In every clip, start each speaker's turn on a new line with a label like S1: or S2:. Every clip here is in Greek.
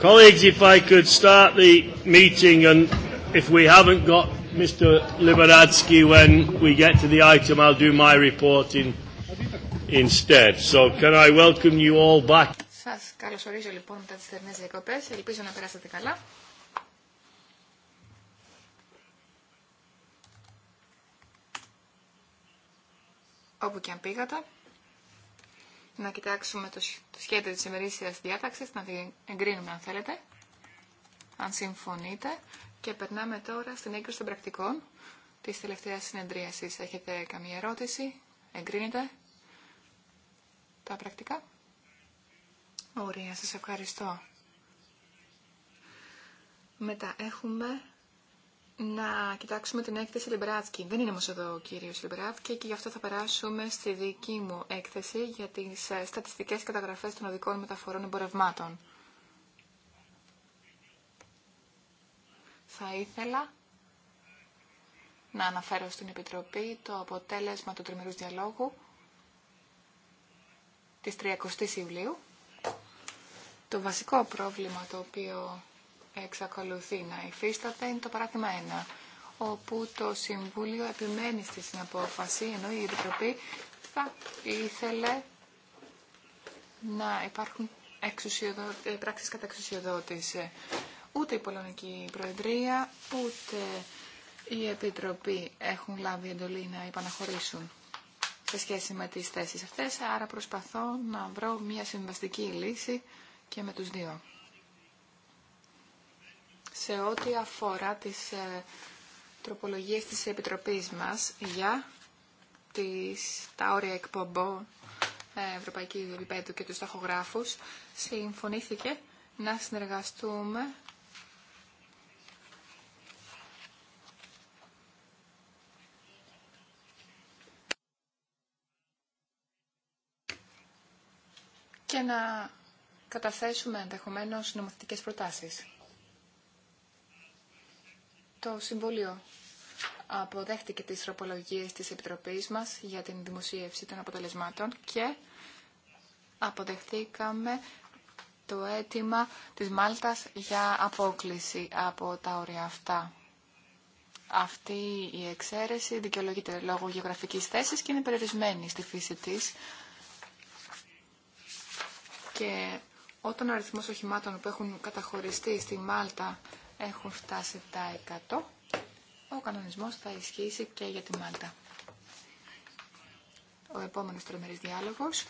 S1: Colleagues, if I could start the meeting and if we haven't got Mr. Liberadsky when we get to the item, I'll do my in instead. So can I welcome
S2: you
S3: all back. Όπου και αν πήγατε να κοιτάξουμε το σχέδιο της ημερήσιας διάταξης, να την εγκρίνουμε αν θέλετε, αν συμφωνείτε. Και περνάμε τώρα στην έγκριση των πρακτικών της τελευταίας συνεδρίασης. Έχετε καμία ερώτηση, εγκρίνετε τα πρακτικά. Ωραία, σας ευχαριστώ. Μετά έχουμε να κοιτάξουμε την έκθεση Λιμπράτσκι. Δεν είναι όμω εδώ ο κύριος Λιμπράτσκι και γι' αυτό θα περάσουμε στη δική μου έκθεση για τις ε, στατιστικές καταγραφές των οδικών μεταφορών εμπορευμάτων. Θα ήθελα να αναφέρω στην Επιτροπή το αποτέλεσμα του τριμερούς διαλόγου της 30ης Ιουλίου. Το βασικό πρόβλημα το οποίο εξακολουθεί να υφίσταται είναι το παράδειγμα 1, όπου το Συμβούλιο επιμένει στη συναπόφαση, ενώ η Επιτροπή θα ήθελε να υπάρχουν ε, πράξεις κατά εξουσιοδότηση. Ούτε η Πολωνική Προεδρία, ούτε η Επιτροπή έχουν λάβει εντολή να επαναχωρήσουν σε σχέση με τις θέσεις αυτές, άρα προσπαθώ να βρω μια συμβαστική λύση και με τους δύο σε ό,τι αφορά τις ε, τροπολογίες της Επιτροπής μας για τις, τα όρια εκπομπών ε, Ευρωπαϊκή Επίπεδου και τους ταχογράφους, συμφωνήθηκε να συνεργαστούμε και να καταθέσουμε ενδεχομένω νομοθετικές προτάσεις. Το Συμβούλιο αποδέχτηκε τις τροπολογίες της Επιτροπής μας για την δημοσίευση των αποτελεσμάτων και αποδεχθήκαμε το αίτημα της Μάλτας για απόκληση από τα όρια αυτά. Αυτή η εξαίρεση δικαιολογείται λόγω γεωγραφικής θέσης και είναι περιορισμένη στη φύση της. Και όταν ο αριθμός οχημάτων που έχουν καταχωριστεί στη Μάλτα έχουν φτάσει τα 100, ο κανονισμός θα ισχύσει και για τη Μάλτα. Ο επόμενος τρομερής διάλογος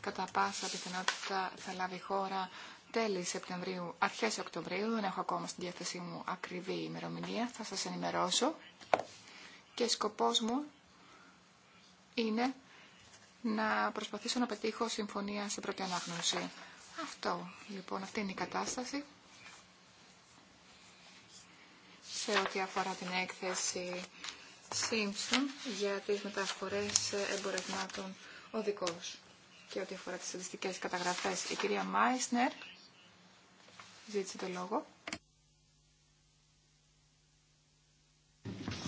S3: κατά πάσα πιθανότητα θα λάβει χώρα τέλη Σεπτεμβρίου, αρχές Οκτωβρίου. Δεν έχω ακόμα στην διάθεσή μου ακριβή ημερομηνία. Θα σας ενημερώσω. Και σκοπός μου είναι να προσπαθήσω να πετύχω συμφωνία σε πρώτη ανάγνωση. Αυτό λοιπόν, αυτή είναι η κατάσταση. σε ό,τι αφορά την έκθεση Simpson για τις μεταφορές εμπορευμάτων οδικός και ό,τι αφορά τις στατιστικές καταγραφές. Η κυρία Μάισνερ ζήτησε το λόγο.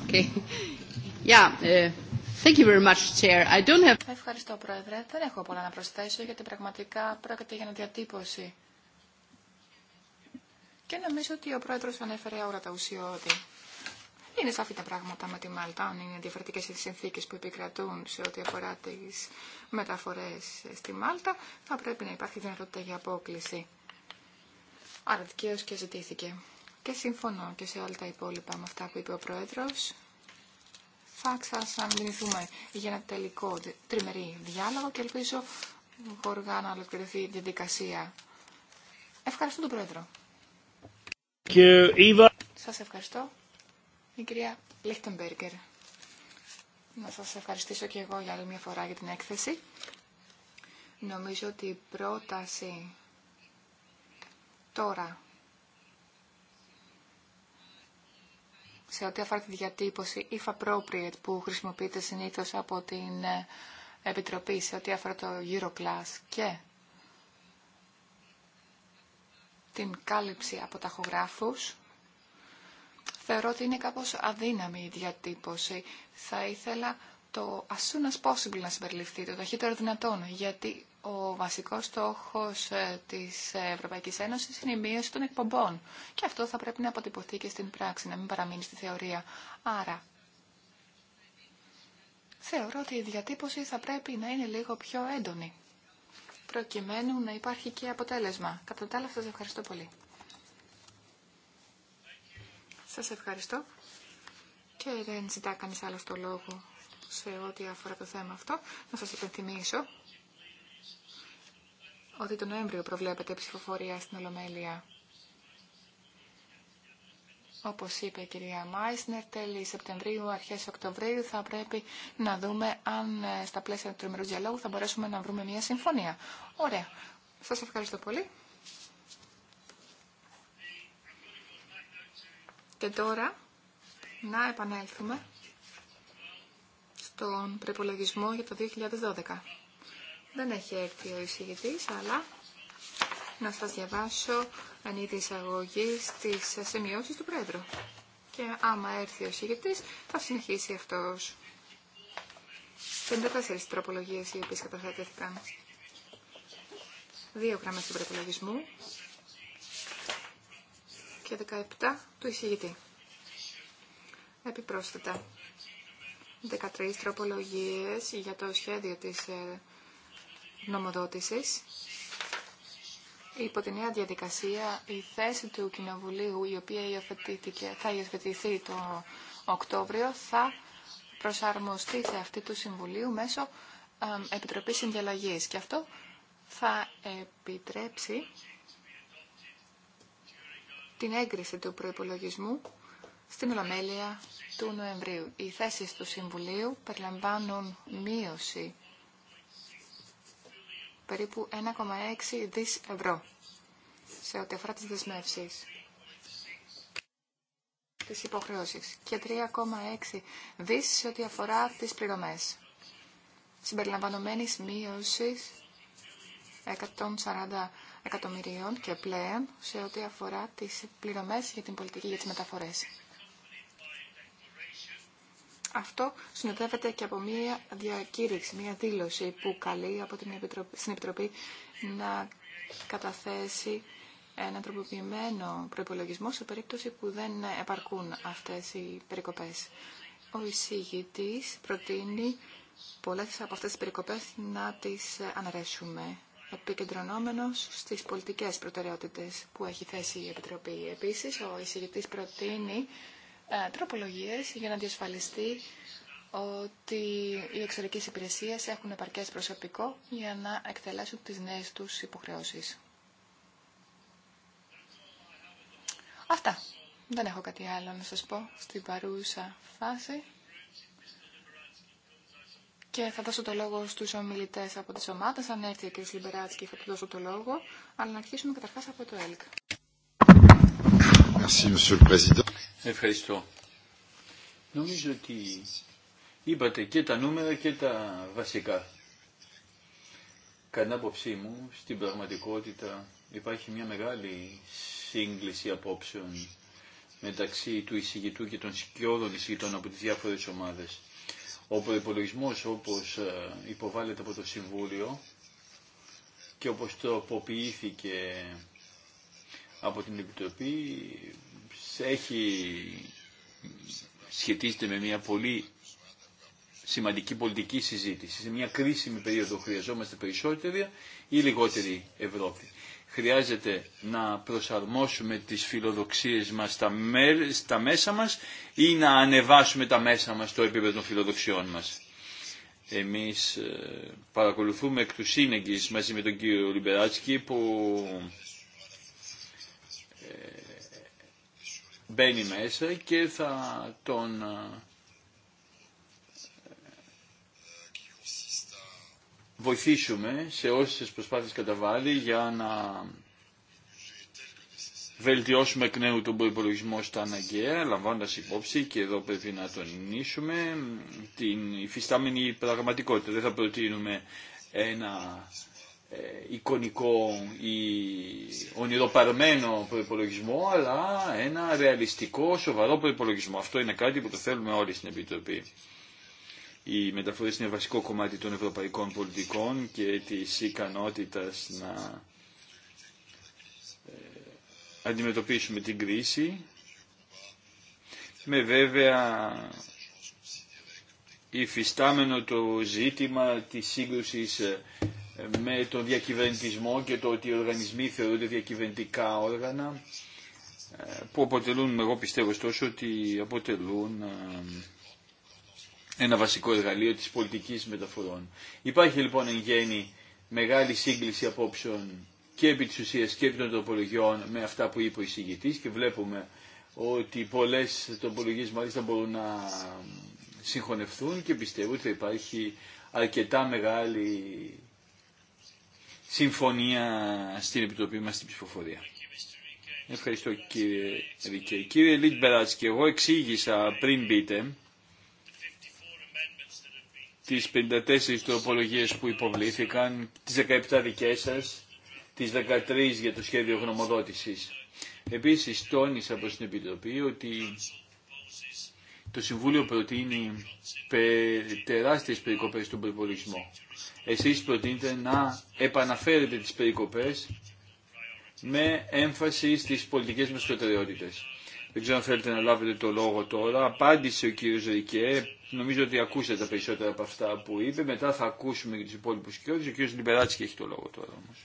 S3: Okay. Yeah, uh, Thank you very much, Chair. I don't have... Ευχαριστώ, Πρόεδρε. Δεν έχω πολλά να προσθέσω, γιατί πραγματικά πρόκειται για διατύπωση και νομίζω ότι ο πρόεδρος ανέφερε όλα τα ότι Είναι σαφή τα πράγματα με τη Μάλτα, αν είναι διαφορετικές οι συνθήκες που επικρατούν σε ό,τι αφορά τις μεταφορές στη Μάλτα, θα πρέπει να υπάρχει δυνατότητα για απόκληση. Άρα δικαίω και ζητήθηκε. Και συμφωνώ και σε όλα τα υπόλοιπα με αυτά που είπε ο Πρόεδρος. Θα ξαναμιληθούμε για ένα τελικό τριμερή διάλογο και ελπίζω γοργά να ολοκληρωθεί η διαδικασία. Ευχαριστώ τον Πρόεδρο. Σας ευχαριστώ. Η κυρία Λίχτεμπεργκερ. Να σας ευχαριστήσω και εγώ για άλλη μια φορά για την έκθεση. Νομίζω ότι η πρόταση τώρα σε ό,τι αφορά τη διατύπωση if appropriate που χρησιμοποιείται συνήθως από την ε, Επιτροπή σε ό,τι αφορά το Euroclass και Στην κάλυψη από ταχογράφους. Θεωρώ ότι είναι κάπως αδύναμη η διατύπωση. Θα ήθελα το as soon as possible να συμπεριληφθεί, το ταχύτερο δυνατόν, γιατί ο βασικός στόχος ε, της Ευρωπαϊκής Ένωσης είναι η μείωση των εκπομπών. Και αυτό θα πρέπει να αποτυπωθεί και στην πράξη, να μην παραμείνει στη θεωρία. Άρα, θεωρώ ότι η διατύπωση θα πρέπει να είναι λίγο πιο έντονη προκειμένου να υπάρχει και αποτέλεσμα. Κατά τα άλλα, σας ευχαριστώ πολύ. Σας ευχαριστώ. Και δεν ζητά κανεί άλλο το λόγο σε ό,τι αφορά το θέμα αυτό. Να σας υπενθυμίσω ότι τον Νοέμβριο προβλέπεται ψηφοφορία στην Ολομέλεια. Όπως είπε η κυρία Μάισνερ, τέλη Σεπτεμβρίου, αρχές Οκτωβρίου θα πρέπει να δούμε αν ε, στα πλαίσια του τριμερού διαλόγου θα μπορέσουμε να βρούμε μια συμφωνία. Ωραία. Σας ευχαριστώ πολύ. Και τώρα να επανέλθουμε στον προπολογισμό για το 2012. Δεν έχει έρθει ο εισηγητής, αλλά να σας διαβάσω αν είδη εισαγωγή στις σημειώσεις του Πρόεδρου. Και άμα έρθει ο συγγετής, θα συνεχίσει αυτός. 54 τροπολογίες οι οποίες καταθέτηκαν. Δύο γραμμές του προπολογισμού και 17 του εισηγητή. Επιπρόσθετα, 13 τροπολογίες για το σχέδιο της ε, νομοδότησης Υπό τη νέα διαδικασία, η θέση του Κοινοβουλίου, η οποία θα υιοθετηθεί το Οκτώβριο, θα προσαρμοστεί σε αυτή του Συμβουλίου μέσω Επιτροπής Συνδιαλλαγής. Και αυτό θα επιτρέψει την έγκριση του προϋπολογισμού στην Ολομέλεια του Νοεμβρίου. Οι θέσεις του Συμβουλίου περιλαμβάνουν μείωση περίπου 1,6 δις ευρώ σε ό,τι αφορά τις δεσμεύσεις τις υποχρεώσεις και 3,6 δις σε ό,τι αφορά τις πληρωμές συμπεριλαμβανομένης μείωσης 140 εκατομμυρίων και πλέον σε ό,τι αφορά τις πληρωμές για την πολιτική για τις μεταφορές. Αυτό συνοδεύεται και από μια διακήρυξη, μια δήλωση που καλεί από την Επιτροπή, στην Επιτροπή να καταθέσει ένα τροποποιημένο προπολογισμό σε περίπτωση που δεν επαρκούν αυτές οι περικοπές. Ο εισηγητής προτείνει πολλές από αυτές τις περικοπές να τις αναρέσουμε, επικεντρωνόμενος στις πολιτικές προτεραιότητες που έχει θέσει η Επιτροπή. Επίσης, ο εισηγητής προτείνει ε, τροπολογίες για να διασφαλιστεί ότι οι εξωτερικέ υπηρεσίες έχουν επαρκές προσωπικό για να εκτελέσουν τις νέε τους υποχρεώσεις. Αυτά. Δεν έχω κάτι άλλο να σας πω στην παρούσα φάση. Και θα δώσω το λόγο στους ομιλητές από τις ομάδες. Αν έρθει ο κ. Λιμπεράτσκι θα του δώσω το λόγο. Αλλά να αρχίσουμε καταρχάς από το ΕΛΚ.
S2: Ευχαριστώ.
S3: Νομίζω ότι
S2: είπατε και τα νούμερα και τα βασικά. Κατά άποψή μου, στην πραγματικότητα υπάρχει μια μεγάλη σύγκληση απόψεων μεταξύ του εισηγητού και των σκιώδων εισηγητών από τις διάφορες ομάδες. Ο προπολογισμό όπως ε, υποβάλλεται από το Συμβούλιο και όπως τροποποιήθηκε από την Επιτροπή έχει σχετίζεται με μια πολύ σημαντική πολιτική συζήτηση. Σε μια κρίσιμη περίοδο χρειαζόμαστε περισσότερη ή λιγότερη Ευρώπη. Χρειάζεται να προσαρμόσουμε τις φιλοδοξίες μας στα, μέ... στα μέσα μας ή να ανεβάσουμε τα μέσα μας στο επίπεδο των φιλοδοξιών μας. Εμείς ε, παρακολουθούμε εκ του σύνεγγυς μαζί με τον κύριο Λιμπεράτσκι που μπαίνει μέσα και θα τον ε, βοηθήσουμε σε όσες προσπάθειες καταβάλει για να βελτιώσουμε εκ νέου τον προπολογισμό στα αναγκαία, λαμβάνοντας υπόψη και εδώ πρέπει να τονίσουμε την υφιστάμενη πραγματικότητα. Δεν θα προτείνουμε ένα ε, εικονικό ή ονειροπαρμένο προπολογισμό, αλλά ένα ρεαλιστικό, σοβαρό προπολογισμό. Αυτό είναι κάτι που το θέλουμε όλοι στην Επιτροπή. Οι μεταφορές είναι βασικό κομμάτι των ευρωπαϊκών πολιτικών και της ικανότητας να ε, αντιμετωπίσουμε την κρίση με βέβαια υφιστάμενο το ζήτημα της σύγκρουσης ε, με τον διακυβερνητισμό και το ότι οι οργανισμοί θεωρούνται διακυβερνητικά όργανα ε, που αποτελούν, εγώ πιστεύω ωστόσο ότι αποτελούν ε, ένα βασικό εργαλείο της πολιτικής μεταφορών. Υπάρχει λοιπόν εν γέννη μεγάλη σύγκληση απόψεων και επί της ουσίας και επί των τοπολογιών με αυτά που είπε ο εισηγητής και βλέπουμε ότι πολλές τοπολογίες μάλιστα μπορούν να συγχωνευτούν και πιστεύω ότι θα υπάρχει αρκετά μεγάλη συμφωνία στην Επιτροπή μα στην ψηφοφορία. Ευχαριστώ κύριε Ρικέ. Κύριε Λίτμπεράτς και εγώ εξήγησα πριν μπείτε τις 54 τροπολογίε που υποβλήθηκαν, τις 17 δικές σας, τις 13 για το σχέδιο γνωμοδότησης. Επίσης τόνισα προς την Επιτροπή ότι το Συμβούλιο προτείνει τεράστιες περικοπές στον προπολογισμό εσείς προτείνετε να επαναφέρετε τις περικοπές με έμφαση στις πολιτικές μας προτεραιότητες. Δεν ξέρω αν θέλετε να λάβετε το λόγο τώρα. Απάντησε ο κύριος Ρικέ. Νομίζω ότι ακούσατε τα περισσότερα από αυτά που είπε. Μετά θα ακούσουμε και τους υπόλοιπους κύριους. Ο κύριος και έχει το λόγο τώρα όμως.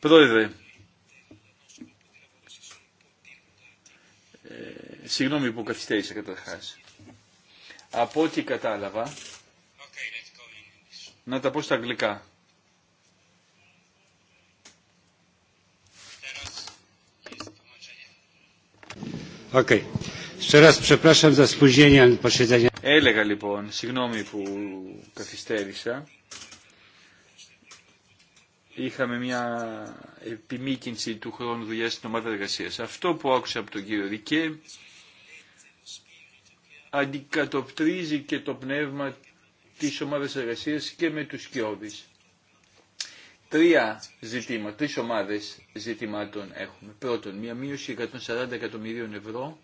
S2: Πρόεδρε, Συγγνώμη που καθυστέρησα καταρχά. Από ό,τι κατάλαβα, να τα πω στα αγγλικά. Έλεγα λοιπόν, συγγνώμη που καθυστέρησα. Είχαμε μια επιμήκυνση του χρόνου δουλειά στην ομάδα εργασία. Αυτό που άκουσα από τον κύριο Ρικέ αντικατοπτρίζει και το πνεύμα της ομάδας εργασίας και με τους σκιώδεις. Τρία ζητήματα, τρεις ομάδες ζητημάτων έχουμε. Πρώτον, μια μείωση 140 εκατομμυρίων ευρώ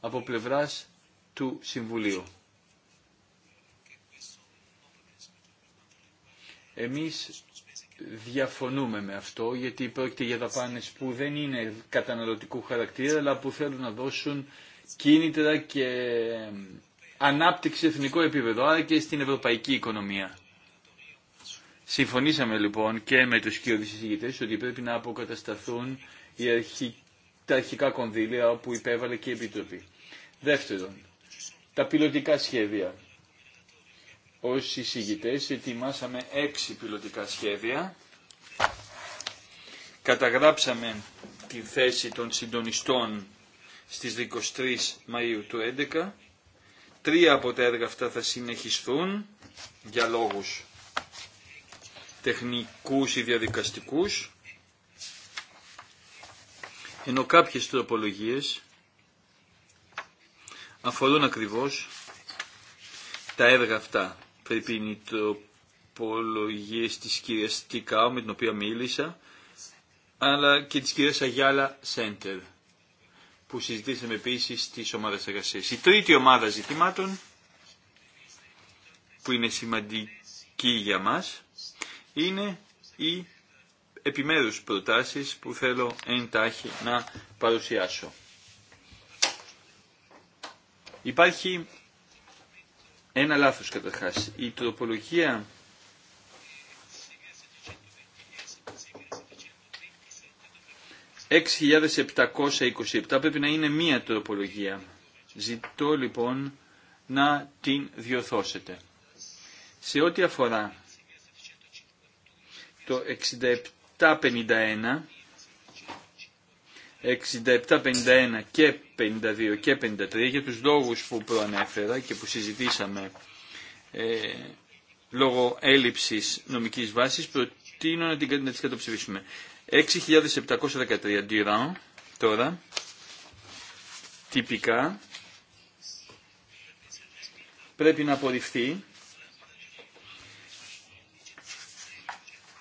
S2: από πλευράς του Συμβουλίου. Εμείς διαφωνούμε με αυτό γιατί πρόκειται για δαπάνες που δεν είναι καταναλωτικού χαρακτήρα αλλά που θέλουν να δώσουν κίνητρα και ανάπτυξη εθνικό επίπεδο, άρα και στην ευρωπαϊκή οικονομία. Συμφωνήσαμε λοιπόν και με τους κύριους συζητητές ότι πρέπει να αποκατασταθούν οι αρχι... τα αρχικά κονδύλια όπου υπέβαλε και η Επιτροπή. Δεύτερον, τα πιλωτικά σχέδια. Ως εισηγητές ετοιμάσαμε έξι πιλωτικά σχέδια. Καταγράψαμε τη θέση των συντονιστών στις 23 Μαΐου του 2011. Τρία από τα έργα αυτά θα συνεχιστούν για λόγους τεχνικούς ή διαδικαστικούς, ενώ κάποιες τροπολογίες αφορούν ακριβώς τα έργα αυτά. Πρέπει είναι οι τροπολογίες της κυρίας Τικάου με την οποία μίλησα, αλλά και της κυρίας Αγιάλα Σέντερ που συζητήσαμε επίση στις ομάδες εργασία. Η τρίτη ομάδα ζητημάτων που είναι σημαντική για μας είναι οι επιμέρους προτάσεις που θέλω τάχει να παρουσιάσω. Υπάρχει ένα λάθος καταρχάς. Η τροπολογία 6.727 πρέπει να είναι μία τροπολογία. Ζητώ λοιπόν να την διορθώσετε. Σε ό,τι αφορά το 6751, 67 και 52 και 53 για τους λόγους που προανέφερα και που συζητήσαμε ε, λόγω έλλειψης νομικής βάσης προτείνω να, την, να τις κατοψηφίσουμε. 6.713 τυραν τώρα, τυπικά, πρέπει να απορριφθεί,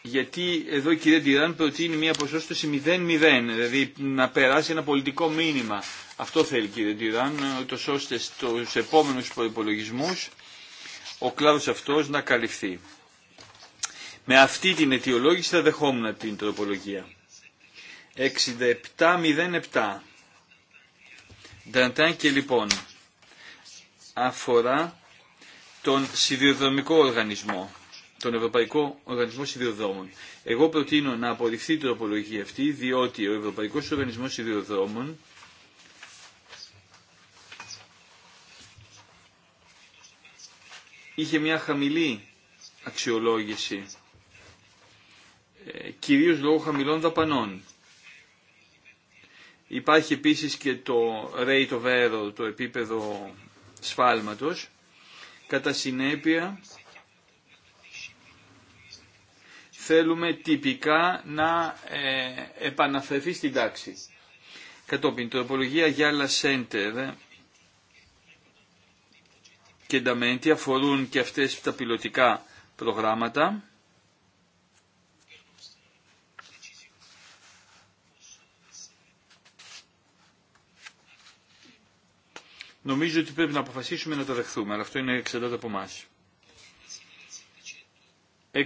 S2: γιατί εδώ η κυρία Ντιράν προτείνει μια ποσόστοση 0-0, δηλαδή να περάσει ένα πολιτικό μήνυμα. Αυτό θέλει η κυρία Ντιράν, ώστε στους επόμενους προπολογισμού ο κλάδος αυτός να καλυφθεί. Με αυτή την αιτιολόγηση θα δεχόμουν την τροπολογία. 6707. Δαντάν και λοιπόν αφορά τον σιδηροδρομικό οργανισμό, τον Ευρωπαϊκό Οργανισμό Σιδηροδρόμων. Εγώ προτείνω να απορριφθεί η τροπολογία αυτή, διότι ο Ευρωπαϊκός Οργανισμός Σιδηροδρόμων είχε μια χαμηλή αξιολόγηση κυρίως λόγω χαμηλών δαπανών. Υπάρχει επίσης και το rate of error, το επίπεδο σφάλματος. Κατά συνέπεια, θέλουμε τυπικά να ε, επαναφερθεί στην τάξη. Κατόπιν, τροπολογία άλλα Σέντερ και Νταμέντι αφορούν και αυτές τα πιλωτικά προγράμματα. νομίζω ότι πρέπει να αποφασίσουμε να τα δεχθούμε, αλλά αυτό είναι εξαρτάται από εμά. 67-14.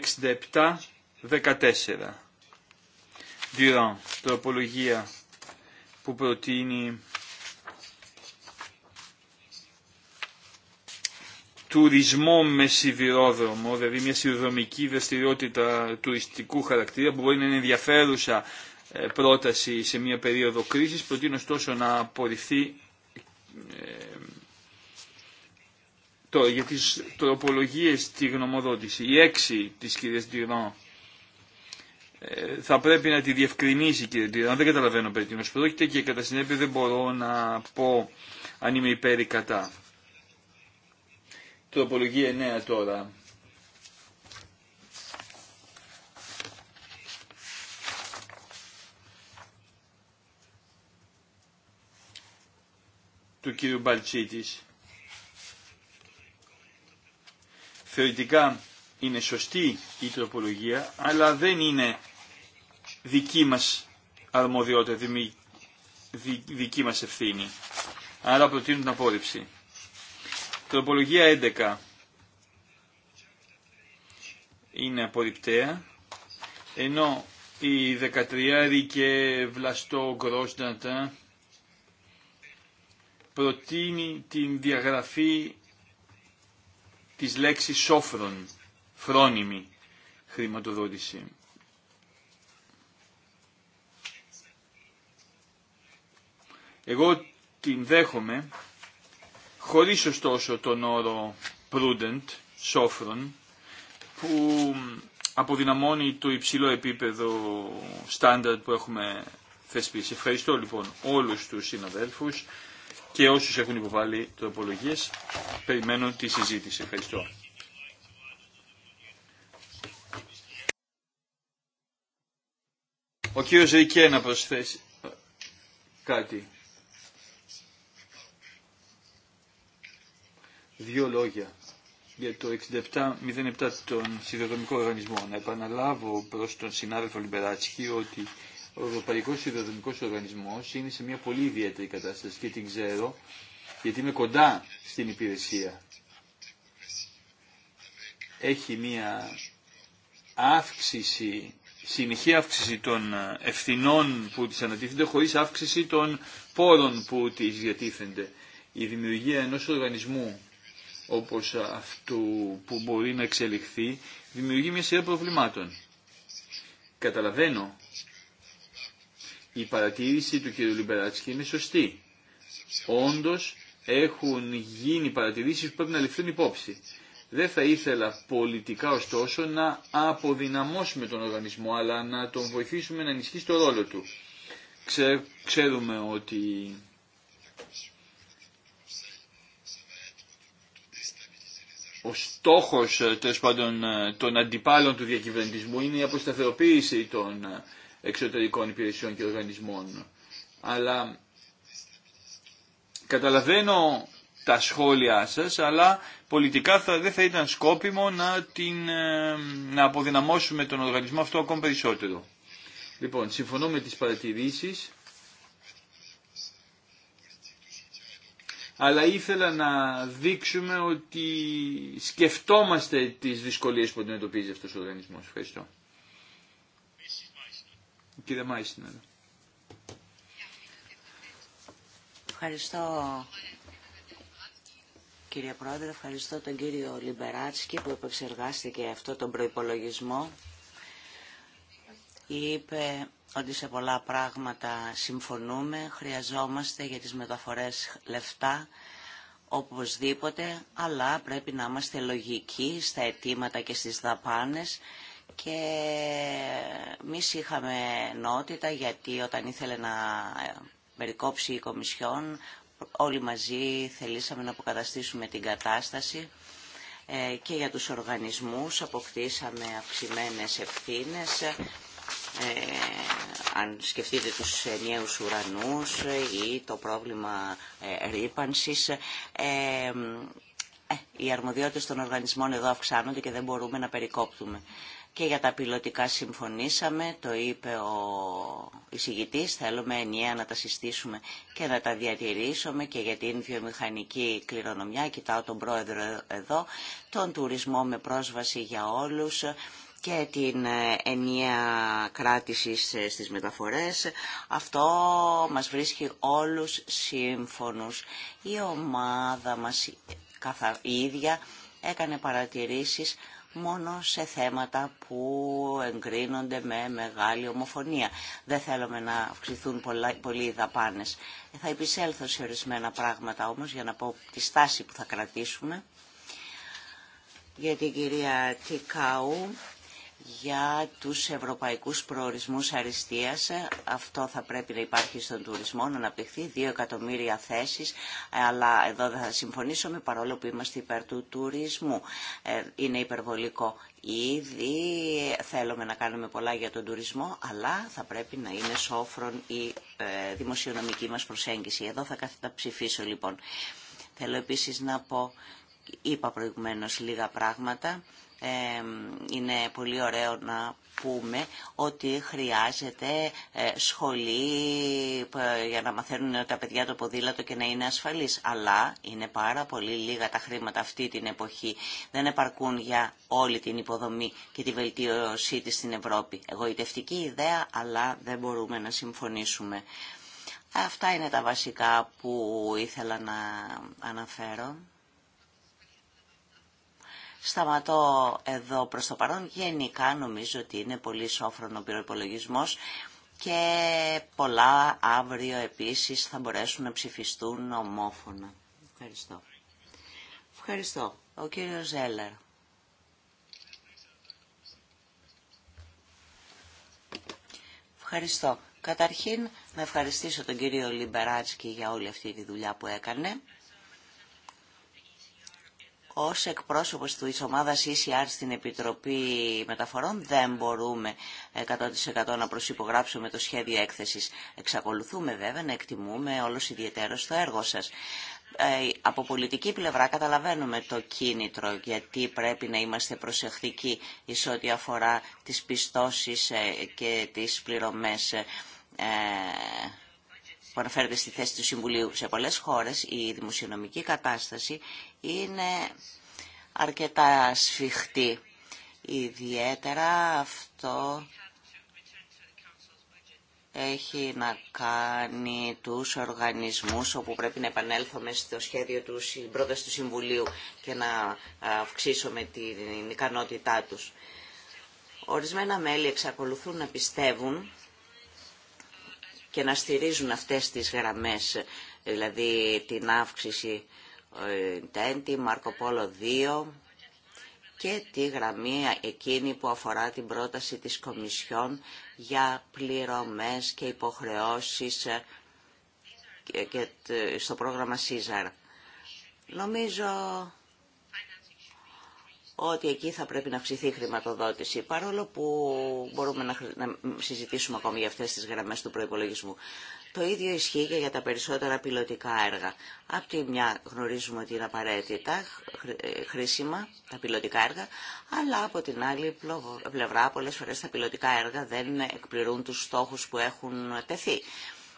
S2: το τροπολογία που προτείνει τουρισμό με σιδηρόδρομο, δηλαδή μια σιδηροδρομική δραστηριότητα τουριστικού χαρακτήρα που μπορεί να είναι ενδιαφέρουσα ε, πρόταση σε μια περίοδο κρίσης, προτείνω ωστόσο να απορριφθεί ε, το, για τις τροπολογίες τη γνωμοδότηση. Η έξι της κυρίας Τυρνό ε, θα πρέπει να τη διευκρινίσει κύριε Τυρνό. Δεν καταλαβαίνω περί τίνος πρόκειται και κατά συνέπεια δεν μπορώ να πω αν είμαι υπέρ ή κατά. Τροπολογία 9 τώρα. του κύριου Μπαλτσίτης. Θεωρητικά είναι σωστή η τροπολογία, αλλά δεν είναι δική μας αρμοδιότητα, δική μας ευθύνη. Άρα προτείνουν την απόρριψη. Τροπολογία 11 είναι απορριπταία, ενώ η 13 και Βλαστό γροστατα προτείνει την διαγραφή της λέξης σόφρον, φρόνιμη χρηματοδότηση. Εγώ την δέχομαι, χωρίς ωστόσο τον όρο prudent, σόφρον, που αποδυναμώνει το υψηλό επίπεδο στάνταρτ που έχουμε θεσπίσει. Ευχαριστώ λοιπόν όλους τους συναδέλφους και όσους έχουν υποβάλει απολογίες περιμένω τη συζήτηση. Ευχαριστώ. Ο κύριος Ρικέ να προσθέσει κάτι. Δύο λόγια για το 6707 των Σιδηροδρομικό Οργανισμό. Να επαναλάβω προς τον συνάδελφο Λιμπεράτσικη ότι ο Ευρωπαϊκό Ιδεοδομικό Οργανισμός είναι σε μια πολύ ιδιαίτερη κατάσταση και την ξέρω γιατί είμαι κοντά στην υπηρεσία. Έχει μια αύξηση, συνεχή αύξηση των ευθυνών που τις ανατίθενται χωρίς αύξηση των πόρων που τις διατίθενται. Η δημιουργία ενός οργανισμού όπως αυτού που μπορεί να εξελιχθεί δημιουργεί μια σειρά προβλημάτων. Καταλαβαίνω η παρατήρηση του κ. Λιμπεράτσκι είναι σωστή. Όντως έχουν γίνει παρατηρήσει που πρέπει να ληφθούν υπόψη. Δεν θα ήθελα πολιτικά ωστόσο να αποδυναμώσουμε τον οργανισμό, αλλά να τον βοηθήσουμε να ενισχύσει το ρόλο του. Ξε, ξέρουμε ότι ο στόχος πάντων, των αντιπάλων του διακυβερνητισμού είναι η αποσταθεροποίηση των εξωτερικών υπηρεσιών και οργανισμών. Αλλά καταλαβαίνω τα σχόλιά σας, αλλά πολιτικά θα, δεν θα ήταν σκόπιμο να, την, ε, να αποδυναμώσουμε τον οργανισμό αυτό ακόμα περισσότερο. Λοιπόν, συμφωνώ με τις παρατηρήσεις, αλλά ήθελα να δείξουμε ότι σκεφτόμαστε τις δυσκολίες που αντιμετωπίζει αυτός ο οργανισμός. Ευχαριστώ. Κύριε Μάισνερ.
S1: Ευχαριστώ κύριε Πρόεδρε, ευχαριστώ τον κύριο Λιμπεράτσκι που επεξεργάστηκε αυτό τον προϋπολογισμό. Είπε ότι σε πολλά πράγματα συμφωνούμε, χρειαζόμαστε για τις μεταφορές λεφτά οπωσδήποτε, αλλά πρέπει να είμαστε λογικοί στα αιτήματα και στις δαπάνες και εμεί είχαμε νότητα γιατί όταν ήθελε να περικόψει η Κομισιόν όλοι μαζί θελήσαμε να αποκαταστήσουμε την κατάσταση ε, και για τους οργανισμούς αποκτήσαμε αυξημένες ευθύνες ε, αν σκεφτείτε τους ενιαίους ουρανούς ή το πρόβλημα ε, ρήπανσης ε, ε, οι αρμοδιότητες των οργανισμών εδώ αυξάνονται και δεν μπορούμε να περικόπτουμε και για τα πιλωτικά συμφωνήσαμε, το είπε ο εισηγητής, θέλουμε ενιαία να τα συστήσουμε και να τα διατηρήσουμε και για την βιομηχανική κληρονομιά, κοιτάω τον πρόεδρο εδώ, τον τουρισμό με πρόσβαση για όλους και την ε, ενιαία κράτηση ε, στις μεταφορές. Αυτό μας βρίσκει όλους σύμφωνους. Η ομάδα μας η ίδια έκανε παρατηρήσεις μόνο σε θέματα που εγκρίνονται με μεγάλη ομοφωνία. Δεν θέλουμε να αυξηθούν πολλοί οι ε, Θα επισέλθω σε ορισμένα πράγματα όμως για να πω τη στάση που θα κρατήσουμε. Για την κυρία Τικάου για τους ευρωπαϊκούς προορισμούς αριστείας. Αυτό θα πρέπει να υπάρχει στον τουρισμό, να αναπτυχθεί δύο εκατομμύρια θέσεις, αλλά εδώ δεν θα συμφωνήσουμε παρόλο που είμαστε υπέρ του τουρισμού. Ε, είναι υπερβολικό ήδη, θέλουμε να κάνουμε πολλά για τον τουρισμό, αλλά θα πρέπει να είναι σόφρον η ε, δημοσιονομική μας προσέγγιση. Εδώ θα ψηφίσω λοιπόν. Θέλω επίσης να πω, είπα προηγουμένως λίγα πράγματα, είναι πολύ ωραίο να πούμε ότι χρειάζεται ε, σχολή για να μαθαίνουν τα παιδιά το ποδήλατο και να είναι ασφαλής. Αλλά είναι πάρα πολύ λίγα τα χρήματα αυτή την εποχή. Δεν επαρκούν για όλη την υποδομή και τη βελτίωσή της στην Ευρώπη. Εγωιτευτική ιδέα, αλλά δεν μπορούμε να συμφωνήσουμε. Αυτά είναι τα βασικά που ήθελα να αναφέρω. Σταματώ εδώ προς το παρόν. Γενικά νομίζω ότι είναι πολύ σόφρονο πυροπολογισμό και πολλά αύριο επίσης θα μπορέσουν να ψηφιστούν ομόφωνα. Ευχαριστώ. Ευχαριστώ. Ο κύριος Ζέλλερ. Ευχαριστώ. Καταρχήν να ευχαριστήσω τον κύριο Λιμπεράτσκι για όλη αυτή τη δουλειά που έκανε. Ως εκπρόσωπος του ομάδας ECR στην Επιτροπή Μεταφορών δεν μπορούμε 100% ε, να προσυπογράψουμε το σχέδιο έκθεσης. Εξακολουθούμε βέβαια να εκτιμούμε όλος ιδιαίτερος το έργο σας. Ε, από πολιτική πλευρά καταλαβαίνουμε το κίνητρο γιατί πρέπει να είμαστε προσεκτικοί εις ό,τι αφορά τις πιστώσεις ε, και τις πληρωμές που αναφέρεται στη θέση του Συμβουλίου. Σε πολλές χώρες η δημοσιονομική κατάσταση είναι αρκετά σφιχτή. Ιδιαίτερα αυτό έχει να κάνει τους οργανισμούς όπου πρέπει να επανέλθουμε στο σχέδιο του πρόταση του Συμβουλίου και να αυξήσουμε την ικανότητά τους. Ορισμένα μέλη εξακολουθούν να πιστεύουν και να στηρίζουν αυτές τις γραμμές, δηλαδή την αύξηση Τέντη, Μάρκο Πόλο 2 και τη γραμμή εκείνη που αφορά την πρόταση της Κομισιόν για πληρωμές και υποχρεώσεις ε, και ε, στο πρόγραμμα ΣΥΖΑΡ. Νομίζω ότι εκεί θα πρέπει να αυξηθεί η χρηματοδότηση, παρόλο που μπορούμε να συζητήσουμε ακόμη για αυτές τις γραμμές του προϋπολογισμού. Το ίδιο ισχύει και για τα περισσότερα πιλωτικά έργα. Απ' τη μια γνωρίζουμε ότι είναι απαραίτητα, ε, χρήσιμα τα πιλωτικά έργα, αλλά από την άλλη πλευρά πολλές φορές τα πιλωτικά έργα δεν εκπληρούν τους στόχους που έχουν τεθεί.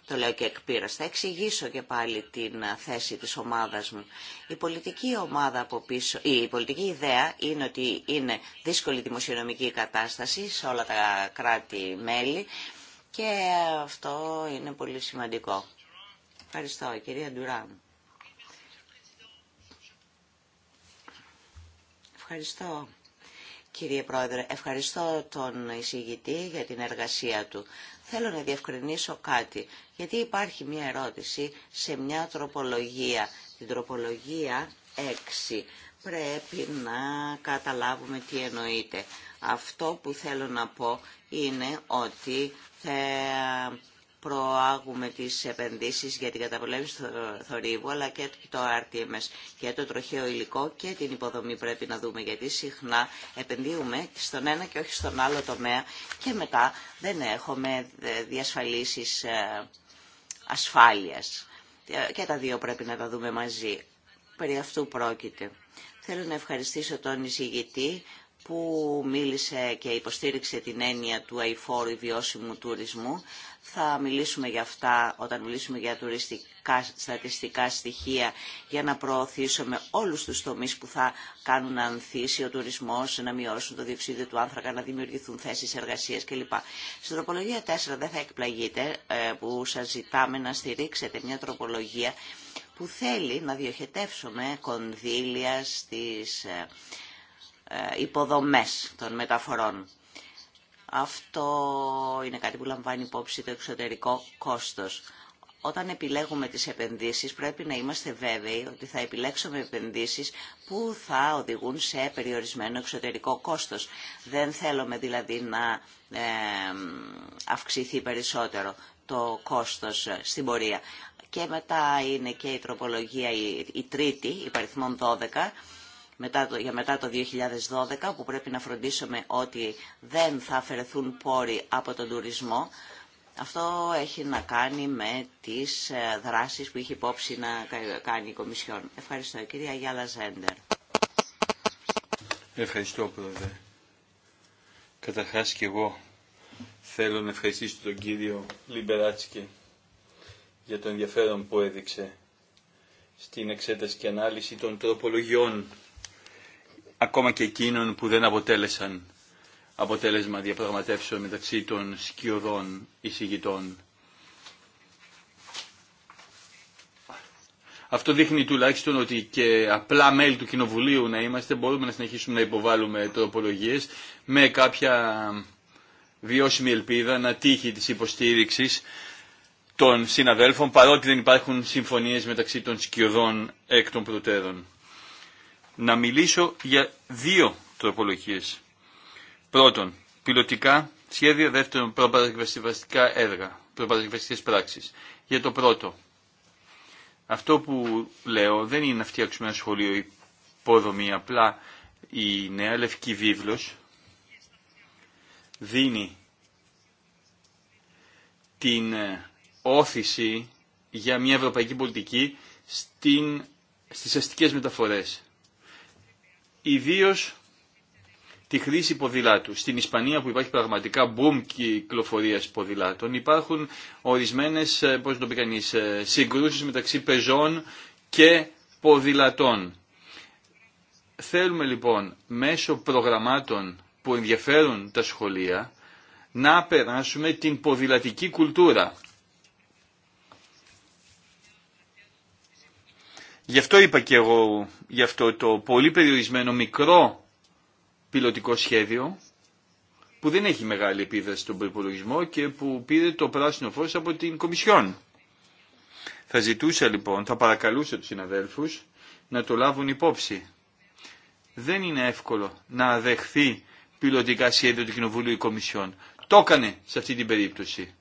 S1: Το λέω και εκ Θα εξηγήσω και πάλι την ε, θέση της ομάδας μου. Η πολιτική ομάδα από πίσω, η πολιτική ιδέα είναι ότι είναι δύσκολη δημοσιονομική κατάσταση σε όλα τα κράτη-μέλη και αυτό είναι πολύ σημαντικό. Ευχαριστώ, κυρία Ντουράν. Ευχαριστώ. Κύριε Πρόεδρε, ευχαριστώ τον εισηγητή για την εργασία του. Θέλω να διευκρινίσω κάτι, γιατί υπάρχει μια ερώτηση σε μια τροπολογία. Την τροπολογία 6 πρέπει να καταλάβουμε τι εννοείται. Αυτό που θέλω να πω είναι ότι προάγουμε τις επενδύσεις για την καταπολέμηση του θορύβου, αλλά και το RTMS και το τροχαίο υλικό και την υποδομή πρέπει να δούμε, γιατί συχνά επενδύουμε στον ένα και όχι στον άλλο τομέα και μετά δεν έχουμε ε, διασφαλίσεις ε, ασφάλειας. Ε, και τα δύο πρέπει να τα δούμε μαζί. Περί αυτού πρόκειται. Θέλω να ευχαριστήσω τον εισηγητή που μίλησε και υποστήριξε την έννοια του αηφόρου βιώσιμου τουρισμού. Θα μιλήσουμε για αυτά όταν μιλήσουμε για τουριστικά στατιστικά στοιχεία για να προωθήσουμε όλους τους τομείς που θα κάνουν να ανθίσει ο τουρισμός, να μειώσουν το διευσίδιο του άνθρακα, να δημιουργηθούν θέσεις εργασίας κλπ. Στην τροπολογία 4 δεν θα εκπλαγείτε ε, που σας ζητάμε να στηρίξετε μια τροπολογία που θέλει να διοχετεύσουμε κονδύλια στις ε, ε, υποδομές των μεταφορών. Αυτό είναι κάτι που λαμβάνει υπόψη το εξωτερικό κόστος. Όταν επιλέγουμε τις επενδύσεις πρέπει να είμαστε βέβαιοι ότι θα επιλέξουμε επενδύσεις που θα οδηγούν σε περιορισμένο εξωτερικό κόστος. Δεν θέλουμε δηλαδή να ε, αυξηθεί περισσότερο το κόστος ε, στην πορεία. Και μετά είναι και η τροπολογία η τρίτη, υπαριθμών 12 μετά το, για μετά το 2012 που πρέπει να φροντίσουμε ότι δεν θα αφαιρεθούν πόροι από τον τουρισμό. Αυτό έχει να κάνει με τις ε, δράσεις που είχε υπόψη να κάνει η Κομισιόν. Ευχαριστώ. Κυρία Γιάλα Ζέντερ.
S2: Ευχαριστώ πρόεδρε. Καταρχάς και εγώ θέλω να ευχαριστήσω τον κύριο Λιμπεράτσικε για το ενδιαφέρον που έδειξε στην εξέταση και ανάλυση των τροπολογιών ακόμα και εκείνων που δεν αποτέλεσαν αποτέλεσμα διαπραγματεύσεων μεταξύ των σκιωδών εισηγητών. Αυτό δείχνει τουλάχιστον ότι και απλά μέλη του Κοινοβουλίου να είμαστε μπορούμε να συνεχίσουμε να υποβάλουμε τροπολογίες με κάποια βιώσιμη ελπίδα να τύχει της υποστήριξης των συναδέλφων παρότι δεν υπάρχουν συμφωνίες μεταξύ των σκιωδών εκ των προτέρων να μιλήσω για δύο τροπολογίες. Πρώτον, πιλωτικά σχέδια, δεύτερον, προπαρασκευαστικά έργα, προπαρασκευαστικές πράξεις. Για το πρώτο, αυτό που λέω δεν είναι να φτιάξουμε ένα σχολείο υπόδομη, απλά η νέα λευκή βίβλος δίνει την ε, όθηση για μια ευρωπαϊκή πολιτική στην, στις αστικές μεταφορές ιδίω τη χρήση ποδηλάτου. Στην Ισπανία που υπάρχει πραγματικά boom κυκλοφορία ποδηλάτων υπάρχουν ορισμένε, ε, συγκρούσει μεταξύ πεζών και ποδηλατών. Θέλουμε λοιπόν μέσω προγραμμάτων που ενδιαφέρουν τα σχολεία να περάσουμε την ποδηλατική κουλτούρα Γι' αυτό είπα και εγώ, γι' αυτό το πολύ περιορισμένο μικρό πιλωτικό σχέδιο που δεν έχει μεγάλη επίδραση στον προπολογισμό και που πήρε το πράσινο φως από την Κομισιόν. Θα ζητούσα λοιπόν, θα παρακαλούσα τους συναδέλφους να το λάβουν υπόψη. Δεν είναι εύκολο να δεχθεί πιλωτικά σχέδια του Κοινοβουλίου η Κομισιόν. Το έκανε σε αυτή την περίπτωση.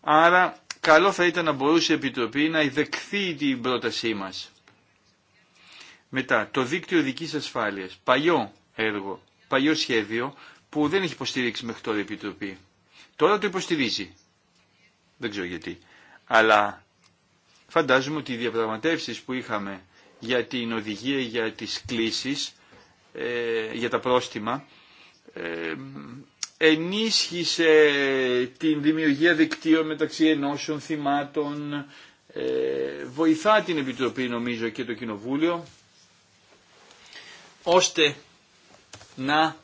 S2: Άρα καλό θα ήταν να μπορούσε η Επιτροπή να δεχθεί την πρότασή μας. Μετά, το δίκτυο δικής ασφάλειας. Παλιό έργο, παλιό σχέδιο που δεν έχει υποστηρίξει μέχρι τώρα η Επιτροπή. Τώρα το υποστηρίζει. Δεν ξέρω γιατί. Αλλά φαντάζομαι ότι οι διαπραγματεύσεις που είχαμε για την οδηγία για τις κλήσεις, ε, για τα πρόστιμα, ε, ενίσχυσε την δημιουργία δικτύων μεταξύ ενώσεων θυμάτων, ε, βοηθά την Επιτροπή νομίζω και το Κοινοβούλιο, ώστε να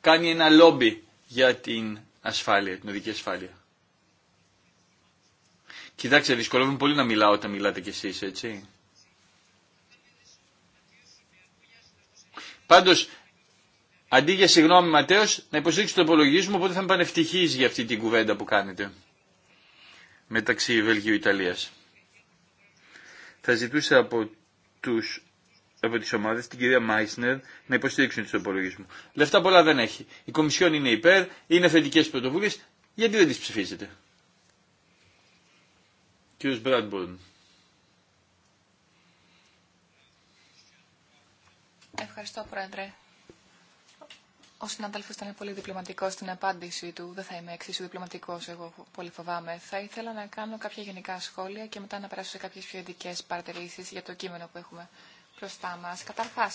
S2: κάνει ένα λόμπι για την ασφάλεια, την οδική ασφάλεια. Κοιτάξτε, δυσκολεύομαι πολύ να μιλάω όταν μιλάτε κι εσείς, έτσι. Πάντως, Αντί για συγγνώμη Ματέος, να υποστηρίξει το υπολογισμό, οπότε θα είμαι πανευτυχής για αυτή την κουβέντα που κάνετε μεταξύ Βελγίου Ιταλίας. Θα ζητούσα από, τους, από τις ομάδες, την κυρία Μάισνερ, να υποστηρίξουν τους υπολογισμού. Λεφτά πολλά δεν έχει. Η Κομισιόν είναι υπέρ, είναι θετικές πρωτοβουλίες, γιατί δεν τις ψηφίζετε. Κύριος Μπραντμπορν.
S3: Ευχαριστώ, Πρόεδρε. Ο συνάδελφο ήταν πολύ διπλωματικό στην απάντησή του. Δεν θα είμαι εξίσου διπλωματικό, εγώ πολύ φοβάμαι. Θα ήθελα να κάνω κάποια γενικά σχόλια και μετά να περάσω σε κάποιε πιο ειδικέ παρατηρήσει για το κείμενο που έχουμε μπροστά μα. Καταρχά,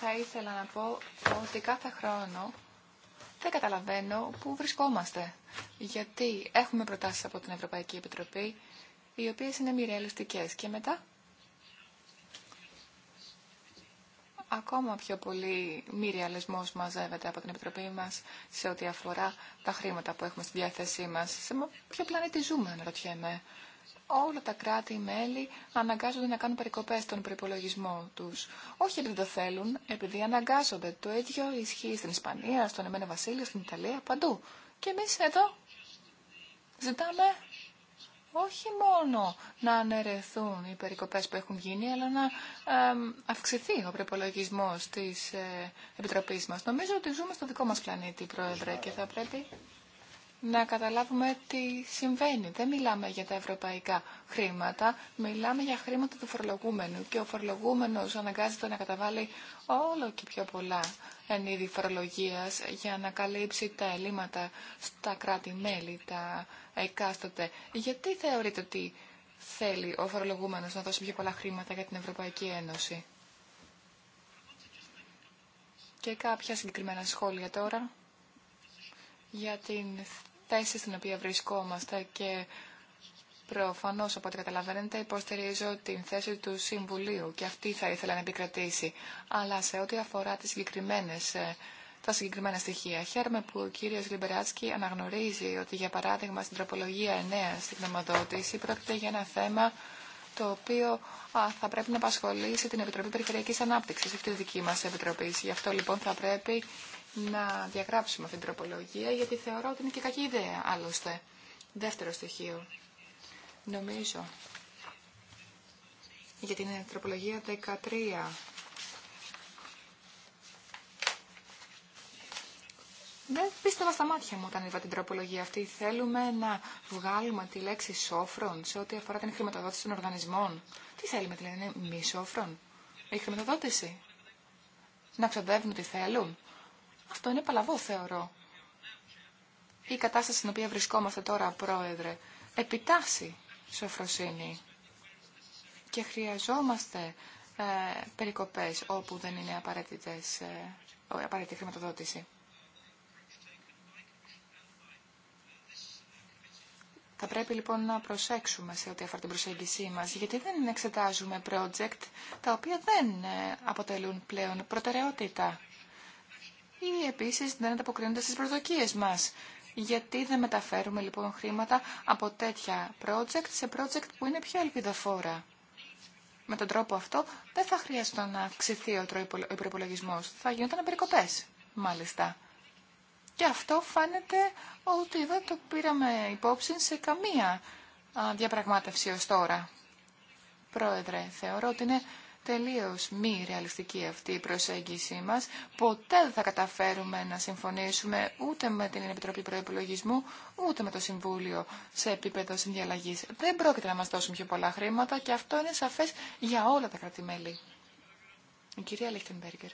S3: θα ήθελα να πω ότι κάθε χρόνο δεν καταλαβαίνω πού βρισκόμαστε. Γιατί έχουμε προτάσει από την Ευρωπαϊκή Επιτροπή, οι οποίε είναι μη Και μετά ακόμα πιο πολύ μη ρεαλισμός μαζεύεται από την Επιτροπή μας σε ό,τι αφορά τα χρήματα που έχουμε στη διάθεσή μας. Σε ποιο πλανήτη ζούμε, ρωτιέμαι. Όλα τα κράτη-μέλη αναγκάζονται να κάνουν περικοπές στον προπολογισμό τους. Όχι επειδή το θέλουν, επειδή αναγκάζονται. Το ίδιο ισχύει στην Ισπανία, στον Εμένο Βασίλειο, στην Ιταλία, παντού. Και εμείς εδώ ζητάμε όχι μόνο να αναιρεθούν οι περικοπές που έχουν γίνει, αλλά να αυξηθεί ο προπολογισμό της ε, Επιτροπής μας. Νομίζω ότι ζούμε στο δικό μας πλανήτη, Πρόεδρε, και θα πρέπει να καταλάβουμε τι συμβαίνει. Δεν μιλάμε για τα ευρωπαϊκά χρήματα, μιλάμε για χρήματα του φορολογούμενου και ο φορολογούμενος αναγκάζεται να καταβάλει όλο και πιο πολλά εν είδη φορολογίας για να καλύψει τα ελλείμματα στα κράτη-μέλη, τα εκάστοτε. Γιατί θεωρείτε ότι θέλει ο φορολογούμενος να δώσει πιο πολλά χρήματα για την Ευρωπαϊκή Ένωση. Και κάποια συγκεκριμένα σχόλια τώρα για την θέση στην οποία βρισκόμαστε και Προφανώ, από καταλαβαίνετε, υποστηρίζω την θέση του Συμβουλίου και αυτή θα ήθελα να επικρατήσει. Αλλά σε ό,τι αφορά τις συγκεκριμένες, ε, τα συγκεκριμένα στοιχεία, χαίρομαι που ο κύριο Λιμπεράτσκι αναγνωρίζει ότι, για παράδειγμα, στην τροπολογία 9 στην γνωμοδότηση πρόκειται για ένα θέμα το οποίο θα πρέπει να απασχολήσει την Επιτροπή Περιφερειακής Ανάπτυξης, αυτή τη δική μας επιτροπή. Γι' αυτό λοιπόν θα πρέπει να διαγράψουμε αυτή την τροπολογία, γιατί θεωρώ ότι είναι και κακή ιδέα, άλλωστε. Δεύτερο στοιχείο. Νομίζω. Για την τροπολογία 13. Δεν ναι, πίστευα στα μάτια μου όταν είπα την τροπολογία αυτή. Θέλουμε να βγάλουμε τη λέξη σόφρον σε ό,τι αφορά την χρηματοδότηση των οργανισμών. Τι θέλουμε, τη δηλαδή, λένε μη σόφρον. Η χρηματοδότηση. Να ξοδεύουν τι θέλουν. Αυτό είναι παλαβό θεωρώ. Η κατάσταση στην οποία βρισκόμαστε τώρα, Πρόεδρε, επιτάσσει σοφροσύνη και χρειαζόμαστε ε, περικοπές όπου δεν είναι απαραίτητες, ε, απαραίτητη χρηματοδότηση. Θα πρέπει λοιπόν να προσέξουμε σε ό,τι αφορά την προσέγγιση μας, γιατί δεν εξετάζουμε project τα οποία δεν ε, αποτελούν πλέον προτεραιότητα ή επίσης δεν ανταποκρίνονται στις προσδοκίες μας. Γιατί δεν μεταφέρουμε λοιπόν χρήματα από τέτοια project σε project που είναι πιο ελπιδοφόρα. Με τον τρόπο αυτό δεν θα χρειαστούν να αυξηθεί ο προπολογισμό. Θα γίνονταν περικοπέ, μάλιστα. Και αυτό φαίνεται ότι δεν το πήραμε υπόψη σε καμία διαπραγμάτευση ως τώρα. Πρόεδρε, θεωρώ ότι είναι τελείως μη ρεαλιστική αυτή η προσέγγιση μας. Ποτέ δεν θα καταφέρουμε να συμφωνήσουμε ούτε με την Επιτροπή Προϋπολογισμού, ούτε με το Συμβούλιο σε επίπεδο συνδιαλλαγής. Δεν πρόκειται να μας δώσουν πιο πολλά χρήματα και αυτό είναι σαφές για όλα τα κρατημέλη. Η κυρία Λίχτενμπέργκερ.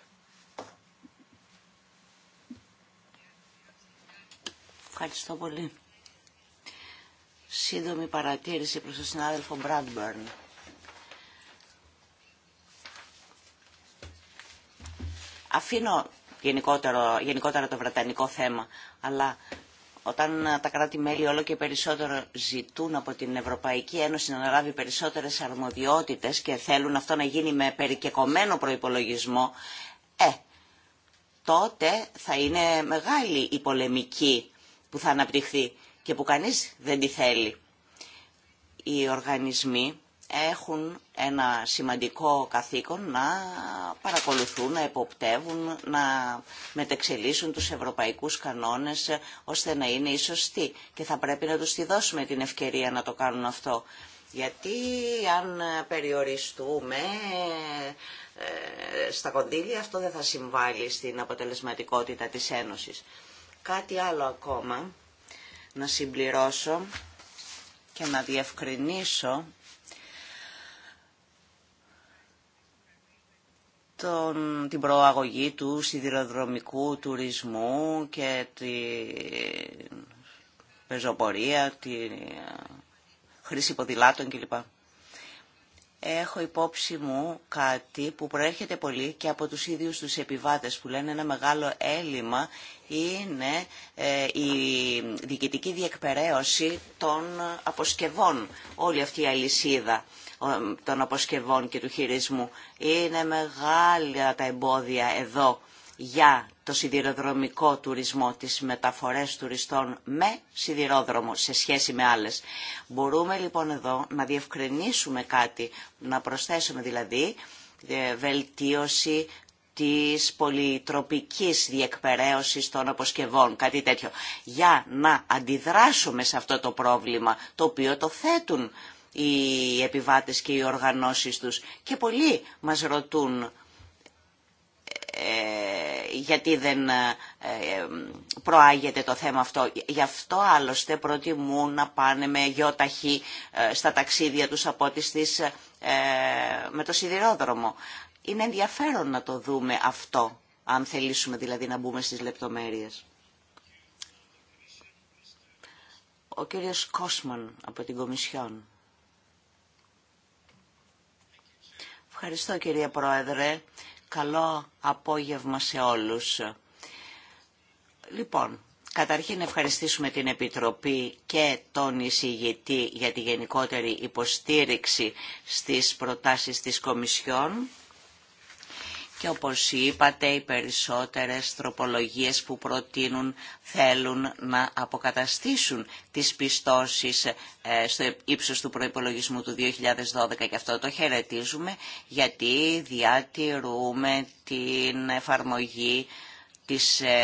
S1: Ευχαριστώ πολύ. Σύντομη παρατήρηση προς τον συνάδελφο Μπράντμπερν. Αφήνω γενικότερο, γενικότερα το βρετανικό θέμα, αλλά όταν τα κράτη-μέλη όλο και περισσότερο ζητούν από την Ευρωπαϊκή Ένωση να αναλάβει περισσότερες αρμοδιότητες και θέλουν αυτό να γίνει με περικεκομένο προϋπολογισμό, ε, τότε θα είναι μεγάλη η πολεμική που θα αναπτυχθεί και που κανείς δεν τη θέλει. Οι οργανισμοί έχουν ένα σημαντικό καθήκον να παρακολουθούν, να εποπτεύουν, να μετεξελίσσουν τους ευρωπαϊκούς κανόνες ώστε να είναι οι σωστοί. Και θα πρέπει να τους τη δώσουμε την ευκαιρία να το κάνουν αυτό. Γιατί αν περιοριστούμε ε, στα κοντήλια αυτό δεν θα συμβάλλει στην αποτελεσματικότητα της Ένωσης. Κάτι άλλο ακόμα να συμπληρώσω και να διευκρινίσω τον, την προαγωγή του σιδηροδρομικού τουρισμού και τη πεζοπορία, τη χρήση ποδηλάτων κλπ έχω υπόψη μου κάτι που προέρχεται πολύ και από τους ίδιους τους επιβάτες που λένε ένα μεγάλο έλλειμμα είναι ε, η διοικητική διεκπαιρέωση των αποσκευών. Όλη αυτή η αλυσίδα των αποσκευών και του χειρισμού. Είναι μεγάλα τα εμπόδια εδώ για το σιδηροδρομικό τουρισμό, τις μεταφορές τουριστών με σιδηρόδρομο σε σχέση με άλλες. Μπορούμε λοιπόν εδώ να διευκρινίσουμε κάτι, να προσθέσουμε δηλαδή ε, βελτίωση της πολυτροπικής διεκπαιρέωσης των αποσκευών, κάτι τέτοιο, για να αντιδράσουμε σε αυτό το πρόβλημα, το οποίο το θέτουν οι επιβάτες και οι οργανώσεις τους. Και πολλοί μας ρωτούν ε, γιατί δεν ε, ε, προάγεται το θέμα αυτό. Γι' αυτό άλλωστε προτιμούν να πάνε με γιοταχή... Ε, στα ταξίδια τους από ό,τι με το σιδηρόδρομο. Είναι ενδιαφέρον να το δούμε αυτό, αν θελήσουμε δηλαδή να μπούμε στις λεπτομέρειες. Ο κύριος Κόσμαν από την Κομισιόν. Ευχαριστώ κύρια Πρόεδρε. Καλό απόγευμα σε όλους. Λοιπόν, καταρχήν ευχαριστήσουμε την Επιτροπή και τον εισηγητή για τη γενικότερη υποστήριξη στις προτάσεις της Κομισιόν και όπως είπατε οι περισσότερες τροπολογίες που προτείνουν θέλουν να αποκαταστήσουν τις πιστώσεις ε, στο ύψος του προϋπολογισμού του 2012 και αυτό το χαιρετίζουμε γιατί διατηρούμε την εφαρμογή της ε,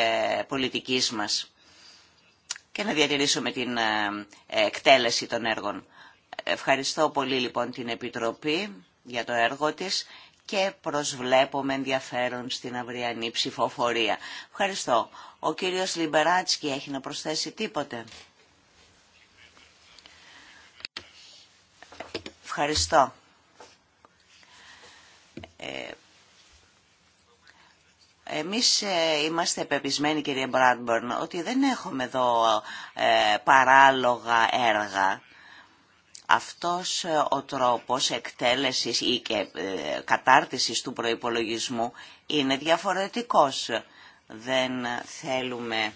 S1: πολιτικής μας και να διατηρήσουμε την ε, εκτέλεση των έργων. Ευχαριστώ πολύ λοιπόν την Επιτροπή για το έργο της και προσβλέπω με ενδιαφέρον στην αυριανή ψηφοφορία. Ευχαριστώ. Ο κύριος Λιμπεράτσκι έχει να προσθέσει τίποτε. Ευχαριστώ. Ε, εμείς ε, είμαστε πεπισμένοι, κύριε Μπράντμπορν, ότι δεν έχουμε εδώ ε, παράλογα έργα αυτός ε, ο τρόπος εκτέλεσης ή και ε, κατάρτισης του προϋπολογισμού είναι διαφορετικός. Δεν θέλουμε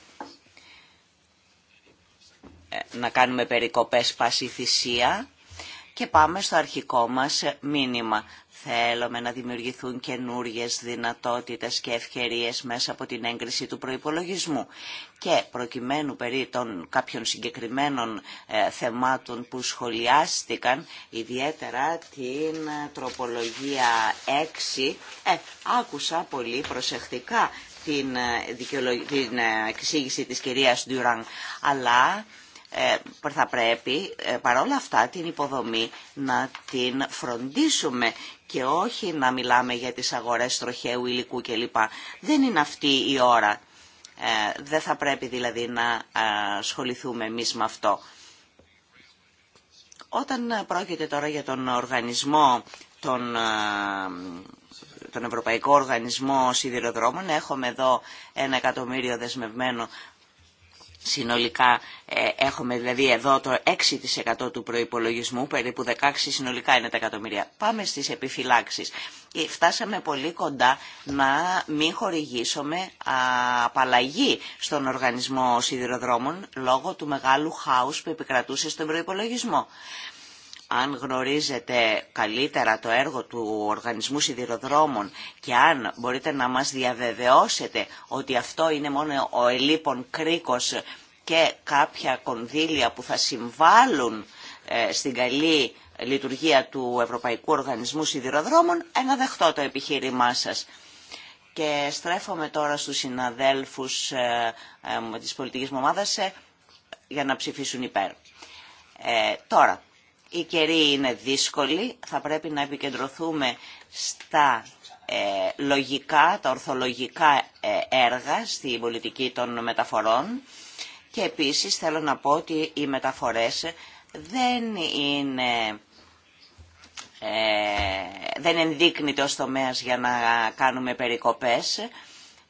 S1: ε, να κάνουμε περικοπές πάση και πάμε στο αρχικό μας μήνυμα. Θέλουμε να δημιουργηθούν καινούριε δυνατότητες και ευκαιρίε μέσα από την έγκριση του προπολογισμού. Και προκειμένου περί των κάποιων συγκεκριμένων ε, θεμάτων που σχολιάστηκαν, ιδιαίτερα την ε, τροπολογία 6, ε, άκουσα πολύ προσεκτικά την, ε, την εξήγηση της κυρίας Ντουραν, αλλά θα πρέπει παρόλα αυτά την υποδομή να την φροντίσουμε και όχι να μιλάμε για τις αγορές τροχαίου υλικού κλπ. Δεν είναι αυτή η ώρα. Ε, δεν θα πρέπει δηλαδή να ε, ασχοληθούμε εμείς με αυτό. Όταν πρόκειται τώρα για τον οργανισμό, τον, ε, τον Ευρωπαϊκό Οργανισμό Σιδηροδρόμων, έχουμε εδώ ένα εκατομμύριο δεσμευμένο Συνολικά ε, έχουμε δηλαδή εδώ το 6% του προϋπολογισμού, περίπου 16 συνολικά είναι τα εκατομμύρια. Πάμε στις επιφυλάξεις. Ε, φτάσαμε πολύ κοντά να μην χορηγήσουμε απαλλαγή στον οργανισμό σιδηροδρόμων λόγω του μεγάλου χάους που επικρατούσε στον προϋπολογισμό αν γνωρίζετε καλύτερα το έργο του Οργανισμού Σιδηροδρόμων και αν μπορείτε να μας διαβεβαιώσετε ότι αυτό είναι μόνο ο ελίπων κρίκος και κάποια κονδύλια που θα συμβάλλουν ε, στην καλή λειτουργία του Ευρωπαϊκού Οργανισμού Σιδηροδρόμων, εναδεχτώ το επιχείρημά σας. Και στρέφομαι τώρα στους συναδέλφους ε, ε, της πολιτικής μου ομάδας για να ψηφίσουν υπέρ. τώρα, οι καιροί είναι δύσκολοι, θα πρέπει να επικεντρωθούμε στα ε, λογικά, τα ορθολογικά ε, έργα στη πολιτική των μεταφορών και επίσης θέλω να πω ότι οι μεταφορές δεν είναι... Ε, δεν ενδείκνυται ως τομέας για να κάνουμε περικοπές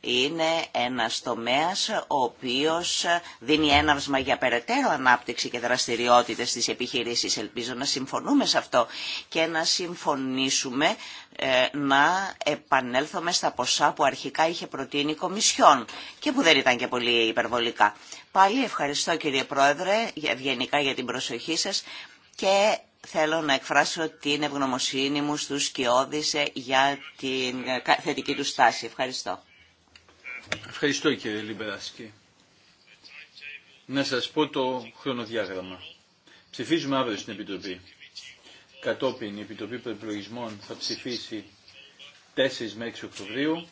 S1: είναι ένας τομέας ο οποίος δίνει έναυσμα για περαιτέρω ανάπτυξη και δραστηριότητες στις επιχειρήσεις. Ελπίζω να συμφωνούμε σε αυτό και να συμφωνήσουμε ε, να επανέλθουμε στα ποσά που αρχικά είχε προτείνει η Κομισιόν και που δεν ήταν και πολύ υπερβολικά. Πάλι ευχαριστώ κύριε Πρόεδρε ευγενικά για την προσοχή σας και θέλω να εκφράσω την ευγνωμοσύνη μου στους ε, για την ε, θετική του στάση. Ευχαριστώ.
S2: Ευχαριστώ κύριε Λιμπεράσκη. Να σας πω το χρονοδιάγραμμα. Ψηφίζουμε αύριο στην Επιτροπή. Κατόπιν η Επιτροπή Προεπλογισμών θα ψηφίσει 4 με 6 Οκτωβρίου.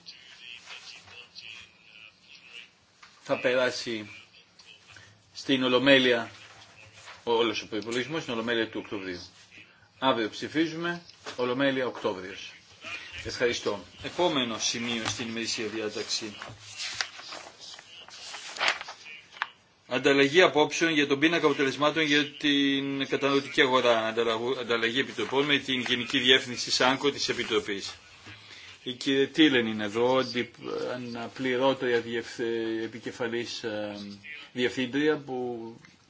S2: Θα περάσει στην Ολομέλεια όλος ο προϋπολογισμός, στην Ολομέλεια του Οκτωβρίου. Αύριο ψηφίζουμε, Ολομέλεια Οκτώβριος. Ευχαριστώ. Επόμενο σημείο στην ημερήσια διάταξη. Ανταλλαγή απόψεων για τον πίνακα αποτελεσμάτων για την καταναλωτική αγορά. Ανταλλαγή επιτροπών με την Γενική Διεύθυνση ΣΑΝΚΟ τη επιτροπή. Η κυρία Τίλεν είναι εδώ, αναπληρώτρια επικεφαλής ε, διευθύντρια που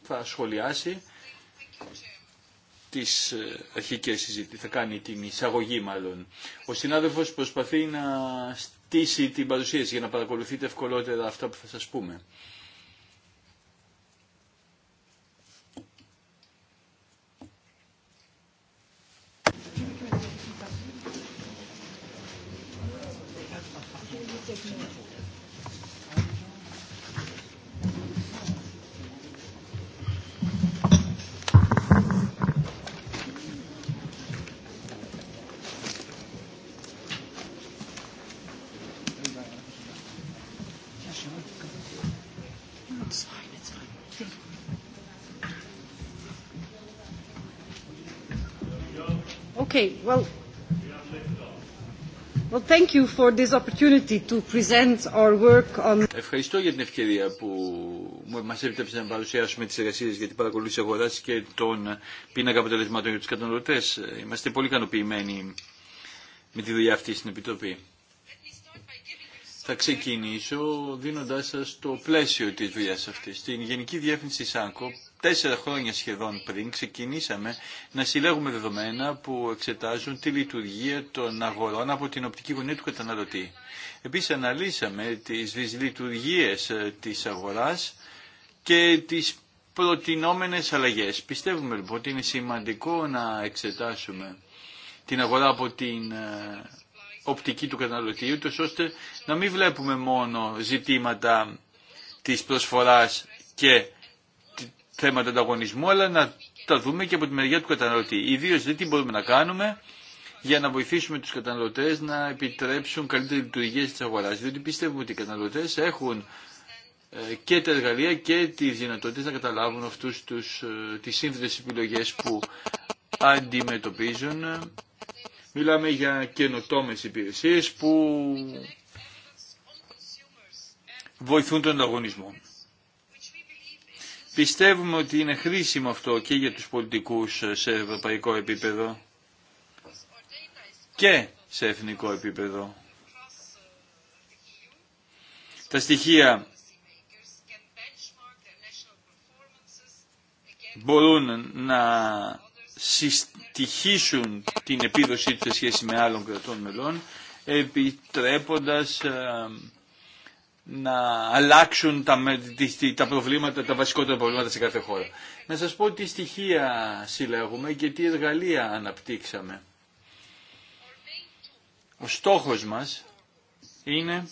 S2: θα σχολιάσει τις ε, αρχικές συζητήσεις, θα κάνει την εισαγωγή μάλλον. Ο συνάδελφος προσπαθεί να στήσει την παρουσίαση για να παρακολουθείτε ευκολότερα αυτά που θα σας πούμε. Ευχαριστώ για την ευκαιρία που μας επιτρέψετε να παρουσιάσουμε τις εργασίες για την παρακολούθηση αγοράς και των πίνακα αποτελεσμάτων για τους καταναλωτές. Είμαστε πολύ ικανοποιημένοι με τη δουλειά αυτή στην Επιτροπή. Θα ξεκινήσω δίνοντάς σας το πλαίσιο της δουλειάς αυτής. Στην Γενική Διεύθυνση ΣΑΝΚΟ τέσσερα χρόνια σχεδόν πριν ξεκινήσαμε να συλλέγουμε δεδομένα που εξετάζουν τη λειτουργία των αγορών από την οπτική γωνία του καταναλωτή. Επίσης αναλύσαμε τις δυσλειτουργίες ε, της αγοράς και τις προτινόμενες αλλαγές. Πιστεύουμε λοιπόν ότι είναι σημαντικό να εξετάσουμε την αγορά από την ε, οπτική του καταναλωτή, ούτως ώστε να μην βλέπουμε μόνο ζητήματα της προσφοράς και θέματα ανταγωνισμού, αλλά να τα δούμε και από τη μεριά του καταναλωτή. Ιδίω δηλαδή τι μπορούμε να κάνουμε για να βοηθήσουμε τους καταναλωτές να επιτρέψουν καλύτερη λειτουργία της αγορά, Διότι πιστεύουμε ότι οι καταναλωτές έχουν ε, και τα εργαλεία και τι δυνατότητε να καταλάβουν αυτούς τους, ε, τις σύνθετες επιλογές που αντιμετωπίζουν. Μιλάμε για καινοτόμες υπηρεσίες που βοηθούν τον ανταγωνισμό. Πιστεύουμε ότι είναι χρήσιμο αυτό και για τους πολιτικούς ε, σε ευρωπαϊκό επίπεδο και σε εθνικό επίπεδο. Τα στοιχεία μπορούν να συστοιχίσουν την επίδοσή τους σε σχέση με άλλων κρατών μελών, επιτρέποντας ε, να αλλάξουν τα, τα προβλήματα, τα βασικότερα προβλήματα σε κάθε χώρα. Να σας πω τι στοιχεία συλλέγουμε και τι εργαλεία αναπτύξαμε. Ο στόχος μας είναι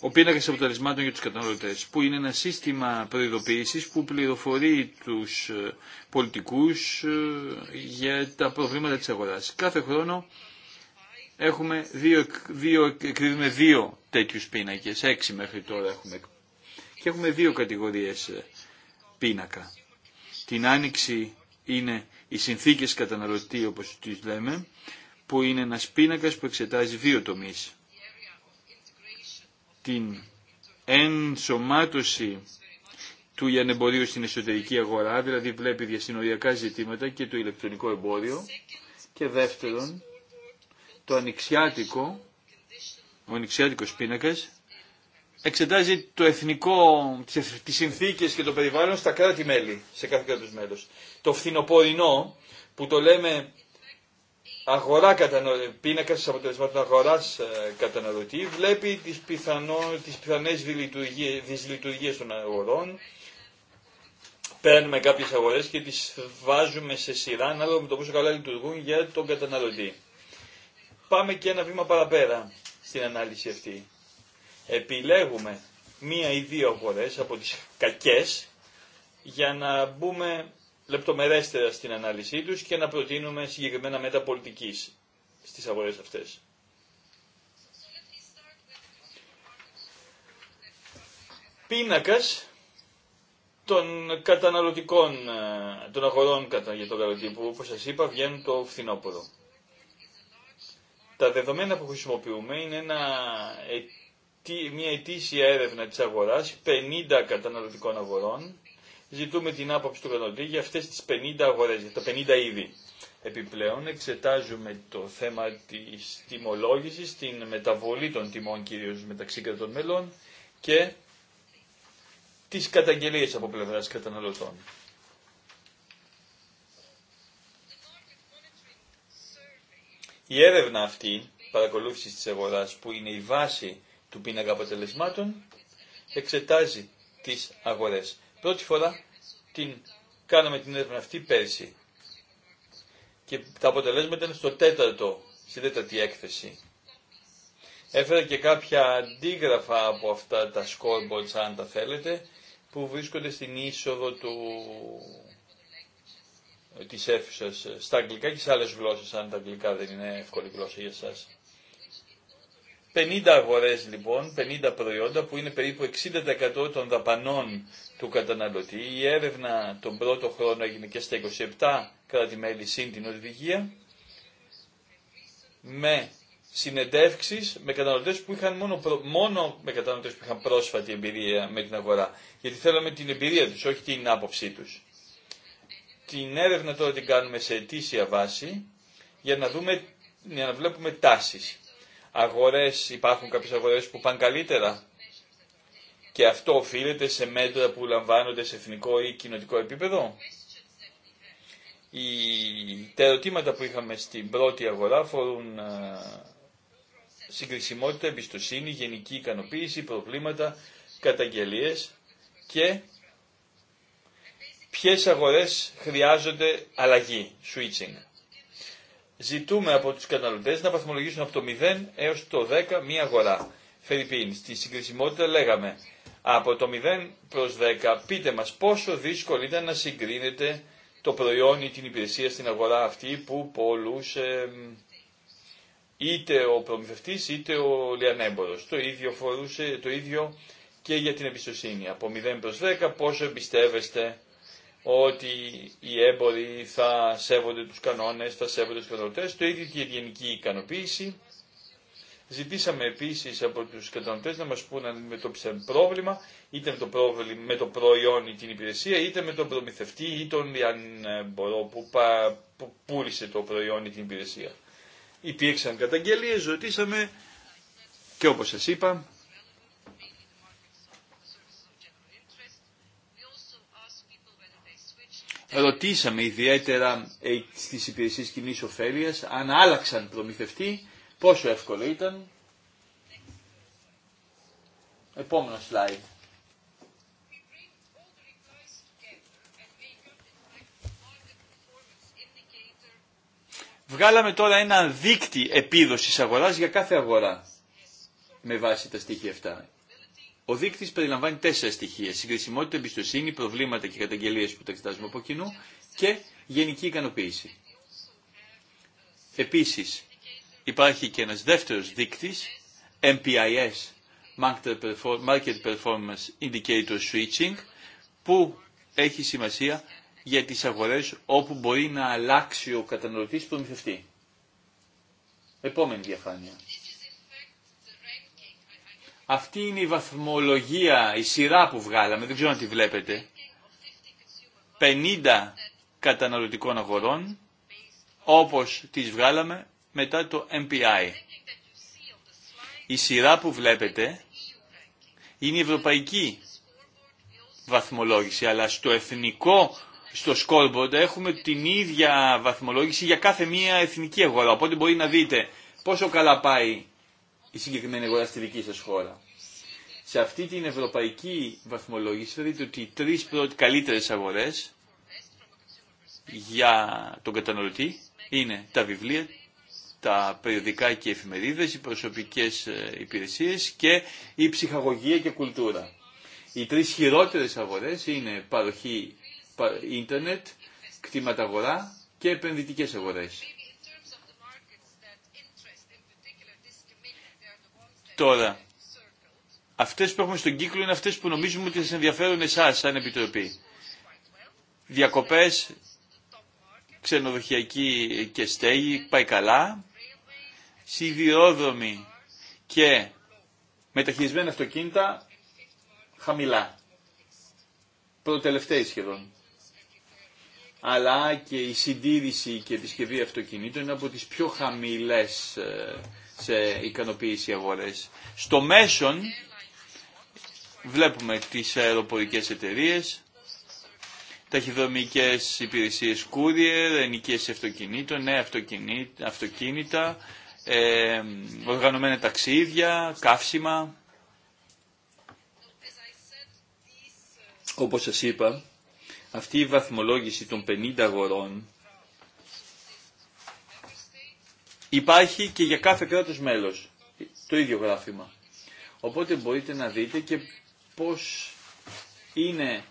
S2: ο πίνακα αποτελεσμάτων για του καταναλωτέ, που είναι ένα σύστημα προειδοποίηση που πληροφορεί του ε, πολιτικού ε, για τα προβλήματα τη αγορά. Κάθε χρόνο έχουμε δύο, δύο, εκδίδουμε δύο τέτοιους πίνακες, έξι μέχρι τώρα έχουμε και έχουμε δύο κατηγορίες ε, πίνακα. Την άνοιξη είναι οι συνθήκες καταναλωτή όπως τις λέμε, που είναι ένας πίνακας που εξετάζει δύο τομείς. Την ενσωμάτωση του ιανεμπορίου στην εσωτερική αγορά, δηλαδή βλέπει διασυνοριακά ζητήματα και το ηλεκτρονικό εμπόριο. Και δεύτερον, το ανοιξιάτικο, ο ανοιξιάτικος πίνακας, εξετάζει το εθνικό, τις συνθήκες και το περιβάλλον στα κράτη-μέλη, σε κάθε κράτος μέλος. Το φθινοπορεινό, που το λέμε αγορά κατανο... πίνακας αποτελεσμάτων αγοράς ε, καταναλωτή, βλέπει τις, πιθανό... τις πιθανές δυσλειτουργίες των αγορών, παίρνουμε κάποιες αγορές και τις βάζουμε σε σειρά ανάλογα με το πόσο καλά λειτουργούν για τον καταναλωτή πάμε και ένα βήμα παραπέρα στην ανάλυση αυτή. Επιλέγουμε μία ή δύο αγορές από τις κακές για να μπούμε λεπτομερέστερα στην ανάλυση τους και να προτείνουμε συγκεκριμένα μέτρα πολιτικής στις αγορές αυτές. Πίνακας των καταναλωτικών, ε, των αγορών για τον καταναλωτή όπως σας είπα βγαίνουν το φθινόπωρο. Τα δεδομένα που χρησιμοποιούμε είναι ένα, μια ετήσια έρευνα της αγοράς 50 καταναλωτικών αγορών. Ζητούμε την άποψη του καταναλωτή για αυτές τις 50 αγορές, για τα 50 είδη. Επιπλέον εξετάζουμε το θέμα της τιμολόγησης, την μεταβολή των τιμών κυρίως μεταξύ κρατών μελών και τις καταγγελίες από πλευράς καταναλωτών. Η έρευνα αυτή, παρακολούθηση της αγοράς, που είναι η βάση του πίνακα αποτελεσμάτων, εξετάζει τις αγορές. Πρώτη φορά την κάναμε την έρευνα αυτή πέρσι και τα αποτελέσματα είναι στο τέταρτο, στη τέταρτη έκθεση. Έφερα και κάποια αντίγραφα από αυτά τα scoreboards, αν τα θέλετε, που βρίσκονται στην είσοδο του Τη αίθουσα ε, στα αγγλικά και σε άλλες γλώσσε, αν τα αγγλικά δεν είναι εύκολη γλώσσα για εσά. 50 αγορέ, λοιπόν, 50 προϊόντα που είναι περίπου 60% των δαπανών του καταναλωτή. Η έρευνα τον πρώτο χρόνο έγινε και στα 27 κράτη-μέλη σύν την Ορβηγία με συνεντεύξει με καταναλωτές που είχαν μόνο, μόνο με καταναλωτές που είχαν πρόσφατη εμπειρία με την αγορά. Γιατί θέλαμε την εμπειρία του, όχι την άποψή του την έρευνα τώρα την κάνουμε σε αιτήσια βάση για να, δούμε, για να βλέπουμε τάσεις. Αγορές, υπάρχουν κάποιες αγορές που πάνε καλύτερα και αυτό οφείλεται σε μέτρα που λαμβάνονται σε εθνικό ή κοινοτικό επίπεδο. Οι, τα ερωτήματα που είχαμε στην πρώτη αγορά φορούν συγκρισιμότητα, εμπιστοσύνη, γενική ικανοποίηση, προβλήματα, καταγγελίες και ποιες αγορές χρειάζονται αλλαγή, switching. Ζητούμε από τους καταναλωτές να βαθμολογήσουν από το 0 έως το 10 μία αγορά. Φερρυπίν, στη συγκρισιμότητα λέγαμε από το 0 προς 10 πείτε μας πόσο δύσκολο ήταν να συγκρίνετε το προϊόν ή την υπηρεσία στην αγορά αυτή που πολλούσε είτε ο προμηθευτής είτε ο λιανέμπορος. Το ίδιο φορούσε, το ίδιο και για την εμπιστοσύνη. Από 0 προς 10 πόσο εμπιστεύεστε ότι οι έμποροι θα σέβονται τους κανόνες, θα σέβονται τους καταναλωτές, το ίδιο και η γενική ικανοποίηση. Ζητήσαμε επίσης από τους καταναλωτές να μας πούν αν το πρόβλημα, είτε με το, πρόβλημα, με το προϊόν ή την υπηρεσία, είτε με τον προμηθευτή ή τον λιανμπορό ε, που, πούλησε το προϊόν ή την υπηρεσία. Υπήρξαν καταγγελίες, ρωτήσαμε και όπως σας είπα, Ρωτήσαμε ιδιαίτερα ε, στις υπηρεσίες κοινή ωφέλεια αν άλλαξαν προμηθευτή, πόσο εύκολο ήταν. Επόμενο slide. Βγάλαμε τώρα ένα δίκτυ επίδοσης αγοράς για κάθε αγορά με βάση τα στοιχεία αυτά. Ο δείκτη περιλαμβάνει τέσσερα στοιχεία. Συγκρισιμότητα, εμπιστοσύνη, προβλήματα και καταγγελίε που τα εξετάζουμε από κοινού και γενική ικανοποίηση. Επίση, υπάρχει και ένα δεύτερο δείκτη, MPIS, Market Performance Indicator Switching, που έχει σημασία για τις αγορές όπου μπορεί να αλλάξει ο καταναλωτής προμηθευτή. Επόμενη διαφάνεια. Αυτή είναι η βαθμολογία, η σειρά που βγάλαμε, δεν ξέρω αν τη βλέπετε. 50 καταναλωτικών αγορών, όπως τις βγάλαμε μετά το MPI. Η σειρά που βλέπετε είναι η ευρωπαϊκή βαθμολόγηση, αλλά στο εθνικό, στο scoreboard έχουμε την ίδια βαθμολόγηση για κάθε μία εθνική αγορά. Οπότε μπορεί να δείτε πόσο καλά πάει η συγκεκριμένη αγορά στη δική σας χώρα. Σε αυτή την ευρωπαϊκή βαθμολόγηση δείτε ότι οι τρεις πρώτες καλύτερες αγορές για τον καταναλωτή είναι τα βιβλία, τα περιοδικά και εφημερίδες, οι προσωπικές ε, υπηρεσίες και η ψυχαγωγία και κουλτούρα. Οι τρεις χειρότερες αγορές είναι παροχή ίντερνετ, αγορά και επενδυτικές αγορές. Τώρα, αυτές που έχουμε στον κύκλο είναι αυτές που νομίζουμε ότι σας ενδιαφέρουν εσάς σαν Επιτροπή. Διακοπές, ξενοδοχειακή και στέγη, πάει καλά. Σιδηρόδρομοι και μεταχειρισμένα αυτοκίνητα, χαμηλά. Προτελευταίοι σχεδόν. Αλλά και η συντήρηση και επισκευή αυτοκινήτων είναι από τις πιο χαμηλές ε, σε ικανοποίηση αγορές. Στο μέσον βλέπουμε τις αεροπορικές εταιρείες, ταχυδρομικές υπηρεσίες courier, ενοικίες αυτοκινήτων, νέα αυτοκινήτα, αυτοκίνητα, ε, οργανωμένα ταξίδια, καύσιμα. Όπως σας είπα, αυτή η βαθμολόγηση των 50 αγορών υπάρχει και για κάθε κράτος μέλος. Το ίδιο γράφημα. Οπότε μπορείτε να δείτε και πώς είναι,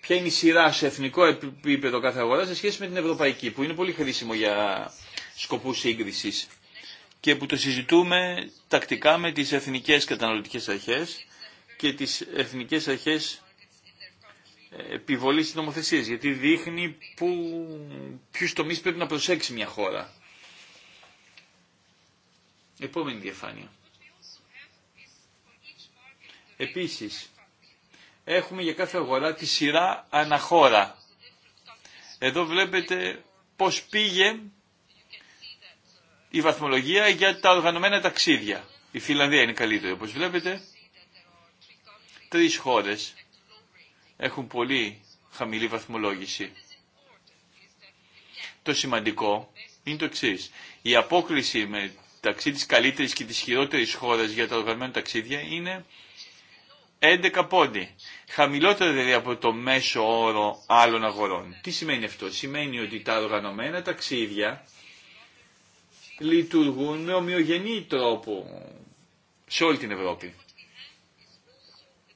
S2: ποια είναι η σειρά σε εθνικό επίπεδο κάθε αγορά σε σχέση με την ευρωπαϊκή, που είναι πολύ χρήσιμο για σκοπούς σύγκρισης και που το συζητούμε τακτικά με τις εθνικές καταναλωτικές αρχές και τις εθνικές αρχές επιβολής της νομοθεσίας, γιατί δείχνει που, ποιους τομείς πρέπει να προσέξει μια χώρα. Επόμενη διαφάνεια. Επίσης, έχουμε για κάθε αγορά τη σειρά αναχώρα. Εδώ βλέπετε πώς πήγε η βαθμολογία για τα οργανωμένα ταξίδια. Η Φιλανδία είναι καλύτερη, όπως βλέπετε. Τρεις χώρες έχουν πολύ χαμηλή βαθμολόγηση. Το σημαντικό είναι το εξή. Η απόκληση με μεταξύ της καλύτερης και της χειρότερης χώρας για τα οργανωμένα ταξίδια είναι 11 πόντι. Χαμηλότερο δηλαδή από το μέσο όρο άλλων αγορών. Τι σημαίνει αυτό. Σημαίνει ότι τα οργανωμένα ταξίδια λειτουργούν με ομοιογενή τρόπο σε όλη την Ευρώπη.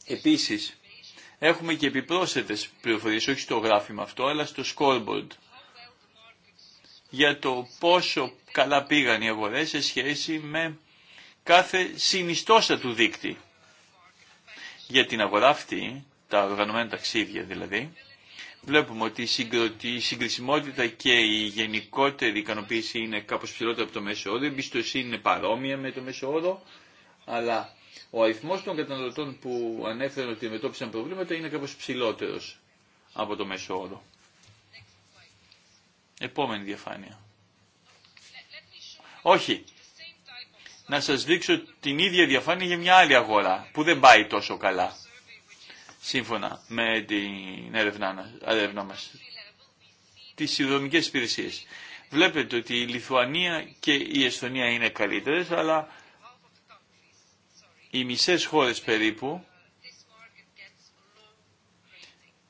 S2: Επίσης, έχουμε και επιπρόσθετες πληροφορίες, όχι στο γράφημα αυτό, αλλά στο scoreboard για το πόσο καλά πήγαν οι αγορές σε σχέση με κάθε συνιστόσα του δίκτυ. Για την αγορά αυτή, τα οργανωμένα ταξίδια δηλαδή, βλέπουμε ότι η συγκρισιμότητα και η γενικότερη ικανοποίηση είναι κάπως ψηλότερα από το μέσο όρο, η εμπιστοσύνη είναι παρόμοια με το μέσο όρο, αλλά ο αριθμός των καταναλωτών που ανέφεραν ότι μετώπισαν προβλήματα είναι κάπως ψηλότερος από το μέσο όρο. Επόμενη διαφάνεια. Όχι. Να σας δείξω την ίδια διαφάνεια για μια άλλη αγορά που δεν πάει τόσο καλά. Σύμφωνα με την έρευνά μας. Τις συνδρομικές υπηρεσίες. Βλέπετε ότι η Λιθουανία και η Εστονία είναι καλύτερες, αλλά οι μισές χώρες περίπου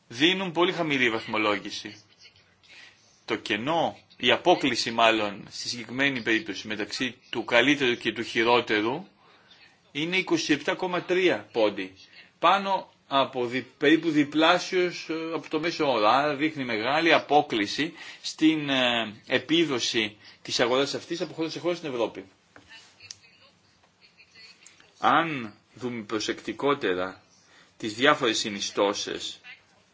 S2: δίνουν πολύ χαμηλή βαθμολόγηση το κενό, η απόκληση μάλλον στη συγκεκριμένη περίπτωση μεταξύ του καλύτερου και του χειρότερου είναι 27,3 πόντι. Πάνω από δι, περίπου διπλάσιος ε, από το μέσο όρο. Άρα δείχνει μεγάλη απόκληση στην ε, επίδοση της αγοράς αυτής από χώρα σε χώρα στην Ευρώπη. Αν δούμε προσεκτικότερα τις διάφορες συνιστώσεις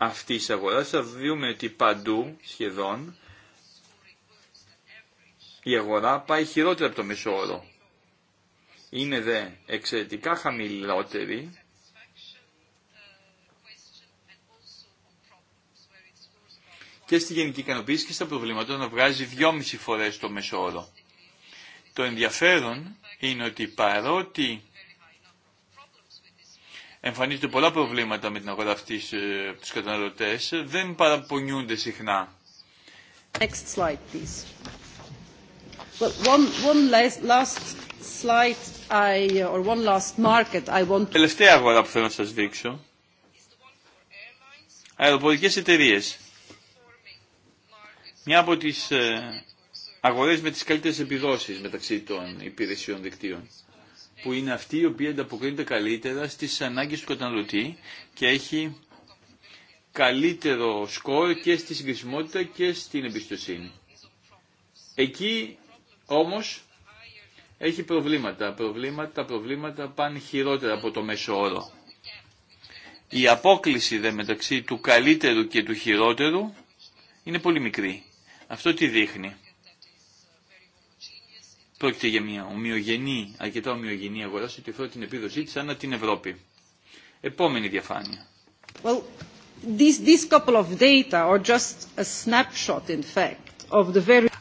S2: αυτή της αγορά δηλαδή θα δούμε ότι παντού σχεδόν η αγορά πάει χειρότερα από το μισό Είναι δε εξαιρετικά χαμηλότερη και στη γενική ικανοποίηση και στα προβλήματα να βγάζει 2,5 φορές το μεσόωρο. Το ενδιαφέρον είναι ότι παρότι εμφανίζονται πολλά προβλήματα με την αγορά αυτή ε, από του καταναλωτέ, δεν παραπονιούνται συχνά.
S3: Next slide, please. Well, one, one last slide I, uh, or one last market I want to...
S2: Τελευταία αγορά που θέλω να σας δείξω. Αεροπορικές εταιρείες. Μια από τις ε, αγορές με τις καλύτερες επιδόσεις μεταξύ των υπηρεσιών δικτύων που είναι αυτή η οποία ανταποκρίνεται καλύτερα στις ανάγκες του καταναλωτή και έχει καλύτερο σκορ και στη συγκρισιμότητα και στην εμπιστοσύνη. Εκεί όμως έχει προβλήματα, προβλήματα, προβλήματα πάνε χειρότερα από το μέσο όρο. Η απόκληση δε μεταξύ του καλύτερου και του χειρότερου είναι πολύ μικρή. Αυτό τι δείχνει. Πρόκειται για μια ομοιογενή, αρκετά ομοιογενή αγορά σε ό,τι αφορά την επίδοσή τη ανά την Ευρώπη. Επόμενη διαφάνεια.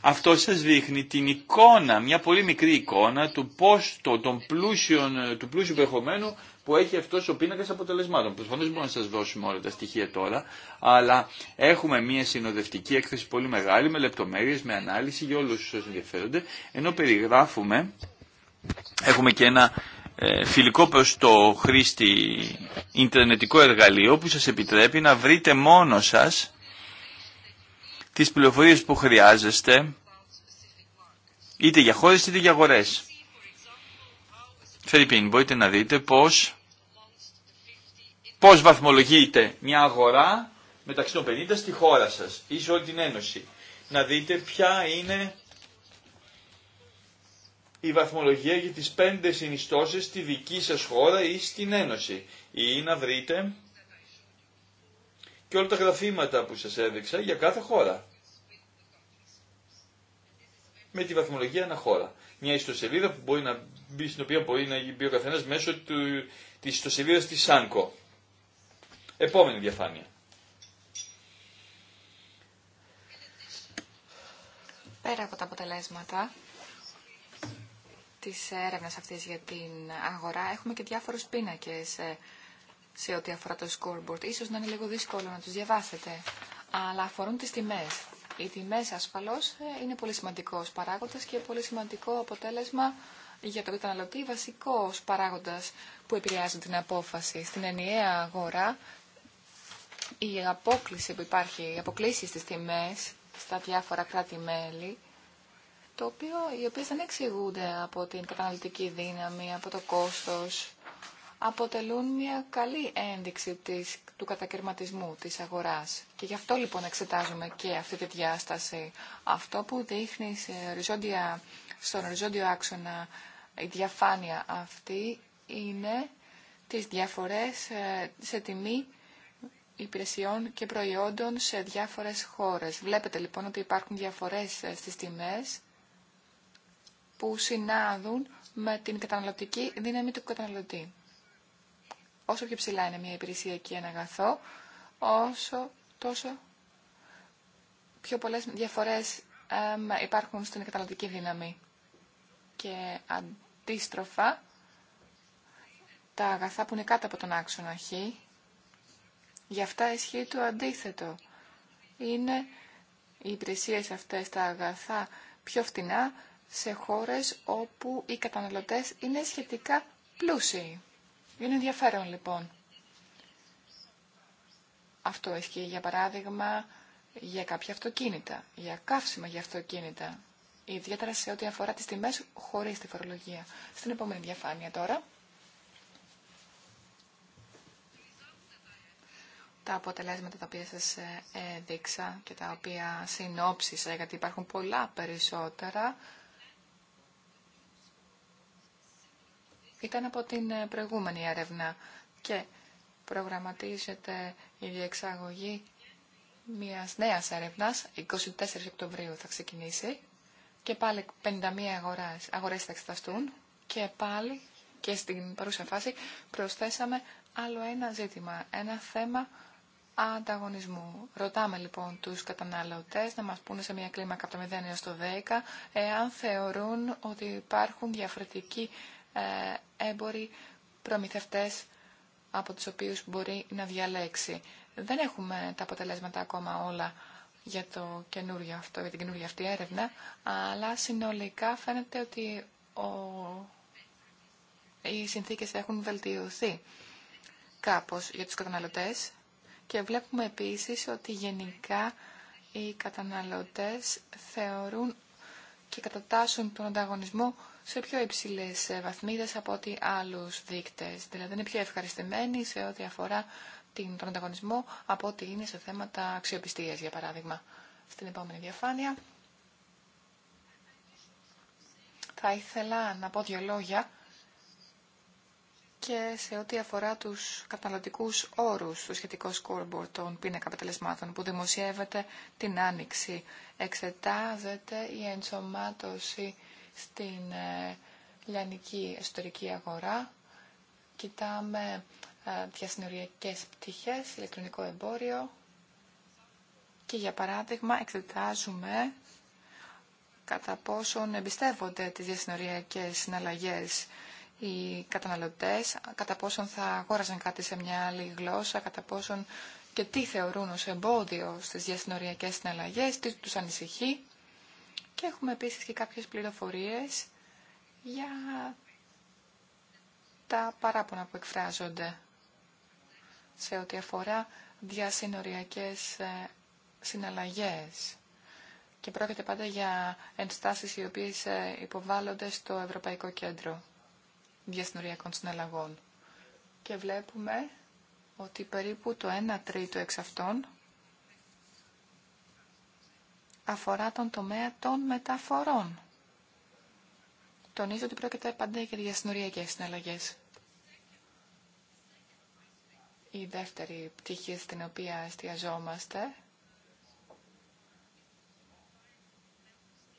S2: Αυτό σας δείχνει την εικόνα, μια πολύ μικρή εικόνα του πώς του πλούσιου περιεχομένου που έχει αυτό ο πίνακα αποτελεσμάτων. Προφανώ μπορούμε να σα δώσουμε όλα τα στοιχεία τώρα, αλλά έχουμε μια συνοδευτική έκθεση πολύ μεγάλη, με λεπτομέρειε, με ανάλυση για όλου όσου ενδιαφέρονται, ενώ περιγράφουμε, έχουμε και ένα ε, φιλικό προ το χρήστη ιντερνετικό εργαλείο που σα επιτρέπει να βρείτε μόνο σα τις πληροφορίες που χρειάζεστε είτε για χώρες είτε για αγορές. Φερρυπίν, μπορείτε να δείτε πώς πώς βαθμολογείτε μια αγορά μεταξύ των 50 στη χώρα σας ή σε όλη την Ένωση. Να δείτε ποια είναι η βαθμολογία για τις πέντε συνιστώσεις στη δική σας χώρα ή στην Ένωση. Ή να βρείτε και όλα τα γραφήματα που σας έδειξα για κάθε χώρα. Με τη βαθμολογία ένα χώρα. Μια ιστοσελίδα που μπορεί να μπει, στην οποία μπορεί να μπει ο καθένας μέσω του, της ιστοσελίδας της ΣΑΝΚΟ. Επόμενη διαφάνεια.
S3: Πέρα από τα αποτελέσματα της έρευνας αυτής για την αγορά, έχουμε και διάφορους πίνακες ε, σε ό,τι αφορά το scoreboard. Ίσως να είναι λίγο δύσκολο να τους διαβάσετε, αλλά αφορούν τις τιμές. Οι τιμές ασφαλώς ε, είναι πολύ σημαντικός παράγοντας και πολύ σημαντικό αποτέλεσμα για το καταναλωτή βασικός παράγοντας που επηρεάζει την απόφαση. Στην ενιαία αγορά η απόκληση που υπάρχει, οι αποκλήσει στις τιμές στα διάφορα κράτη-μέλη, το οποίο, οι οποίε δεν εξηγούνται από την καταναλωτική δύναμη, από το κόστος, αποτελούν μια καλή ένδειξη της, του κατακαιρματισμού της αγοράς. Και γι' αυτό λοιπόν εξετάζουμε και αυτή τη διάσταση. Αυτό που δείχνει σε στον οριζόντιο άξονα η διαφάνεια αυτή είναι τις διαφορές ε, σε τιμή υπηρεσιών και προϊόντων σε διάφορες χώρες. Βλέπετε λοιπόν ότι υπάρχουν διαφορές ε, στις τιμές που συνάδουν με την καταναλωτική δύναμη του καταναλωτή. Όσο πιο ψηλά είναι μια υπηρεσία και ένα αγαθό, όσο τόσο πιο πολλές διαφορές υπάρχουν στην καταναλωτική δύναμη. Και αντίστροφα, τα αγαθά που είναι κάτω από τον άξονα Χ Γι' αυτά ισχύει το αντίθετο. Είναι οι υπηρεσίε αυτές τα αγαθά πιο φτηνά σε χώρες όπου οι καταναλωτές είναι σχετικά πλούσιοι. Είναι ενδιαφέρον λοιπόν. Αυτό ισχύει για παράδειγμα για κάποια αυτοκίνητα, για καύσιμα για αυτοκίνητα, ιδιαίτερα σε ό,τι αφορά τις τιμές χωρίς τη φορολογία. Στην επόμενη διαφάνεια τώρα. τα αποτελέσματα τα οποία σας ε, έδειξα και τα οποία συνόψισα, γιατί υπάρχουν πολλά περισσότερα, ήταν από την ε, προηγούμενη έρευνα και προγραμματίζεται η διεξαγωγή μιας νέας έρευνας, 24 Οκτωβρίου θα ξεκινήσει και πάλι 51 αγορές, αγορές θα εξεταστούν και πάλι και στην παρούσα φάση προσθέσαμε άλλο ένα ζήτημα, ένα θέμα ανταγωνισμού. Ρωτάμε λοιπόν τους καταναλωτές να μας πούνε σε μια κλίμακα από το 0 έως το 10 εάν θεωρούν ότι υπάρχουν διαφορετικοί ε, έμποροι προμηθευτές από τους οποίους μπορεί να διαλέξει. Δεν έχουμε τα αποτελέσματα ακόμα όλα για, το αυτό, για την καινούργια αυτή έρευνα, αλλά συνολικά φαίνεται ότι οι συνθήκες έχουν βελτιωθεί κάπως για τους καταναλωτές και βλέπουμε επίσης ότι γενικά οι καταναλωτές θεωρούν και κατατάσσουν τον ανταγωνισμό σε πιο υψηλές βαθμίδες από ό,τι άλλους δείκτες. Δηλαδή είναι πιο ευχαριστημένοι σε ό,τι αφορά τον ανταγωνισμό από ό,τι είναι σε θέματα αξιοπιστίας, για παράδειγμα. Στην επόμενη διαφάνεια θα ήθελα να πω δύο λόγια και σε ό,τι αφορά τους καταναλωτικούς όρους στο σχετικό scoreboard των πίνακα αποτελεσμάτων που δημοσιεύεται την Άνοιξη. Εξετάζεται η ενσωμάτωση στην ε, λιανική εσωτερική αγορά. Κοιτάμε ε, διασυνοριακές πτυχές, ηλεκτρονικό εμπόριο και για παράδειγμα εξετάζουμε κατά πόσον εμπιστεύονται τις διασυνοριακές συναλλαγές οι καταναλωτές, κατά πόσον θα αγόραζαν κάτι σε μια άλλη γλώσσα, κατά πόσον και τι θεωρούν ως εμπόδιο στις διασυνοριακές συναλλαγές, τι τους ανησυχεί. Και έχουμε επίσης και κάποιες πληροφορίες για τα παράπονα που εκφράζονται σε ό,τι αφορά διασυνοριακές ε, συναλλαγές. Και πρόκειται πάντα για ενστάσεις οι οποίες ε, υποβάλλονται στο Ευρωπαϊκό Κέντρο διασυνοριακών συναλλαγών. Και βλέπουμε ότι περίπου το 1 τρίτο εξ αυτών αφορά τον τομέα των μεταφορών. Τονίζω ότι πρόκειται πάντα για διασυνοριακές συναλλαγές. Η δεύτερη πτυχή στην οποία εστιαζόμαστε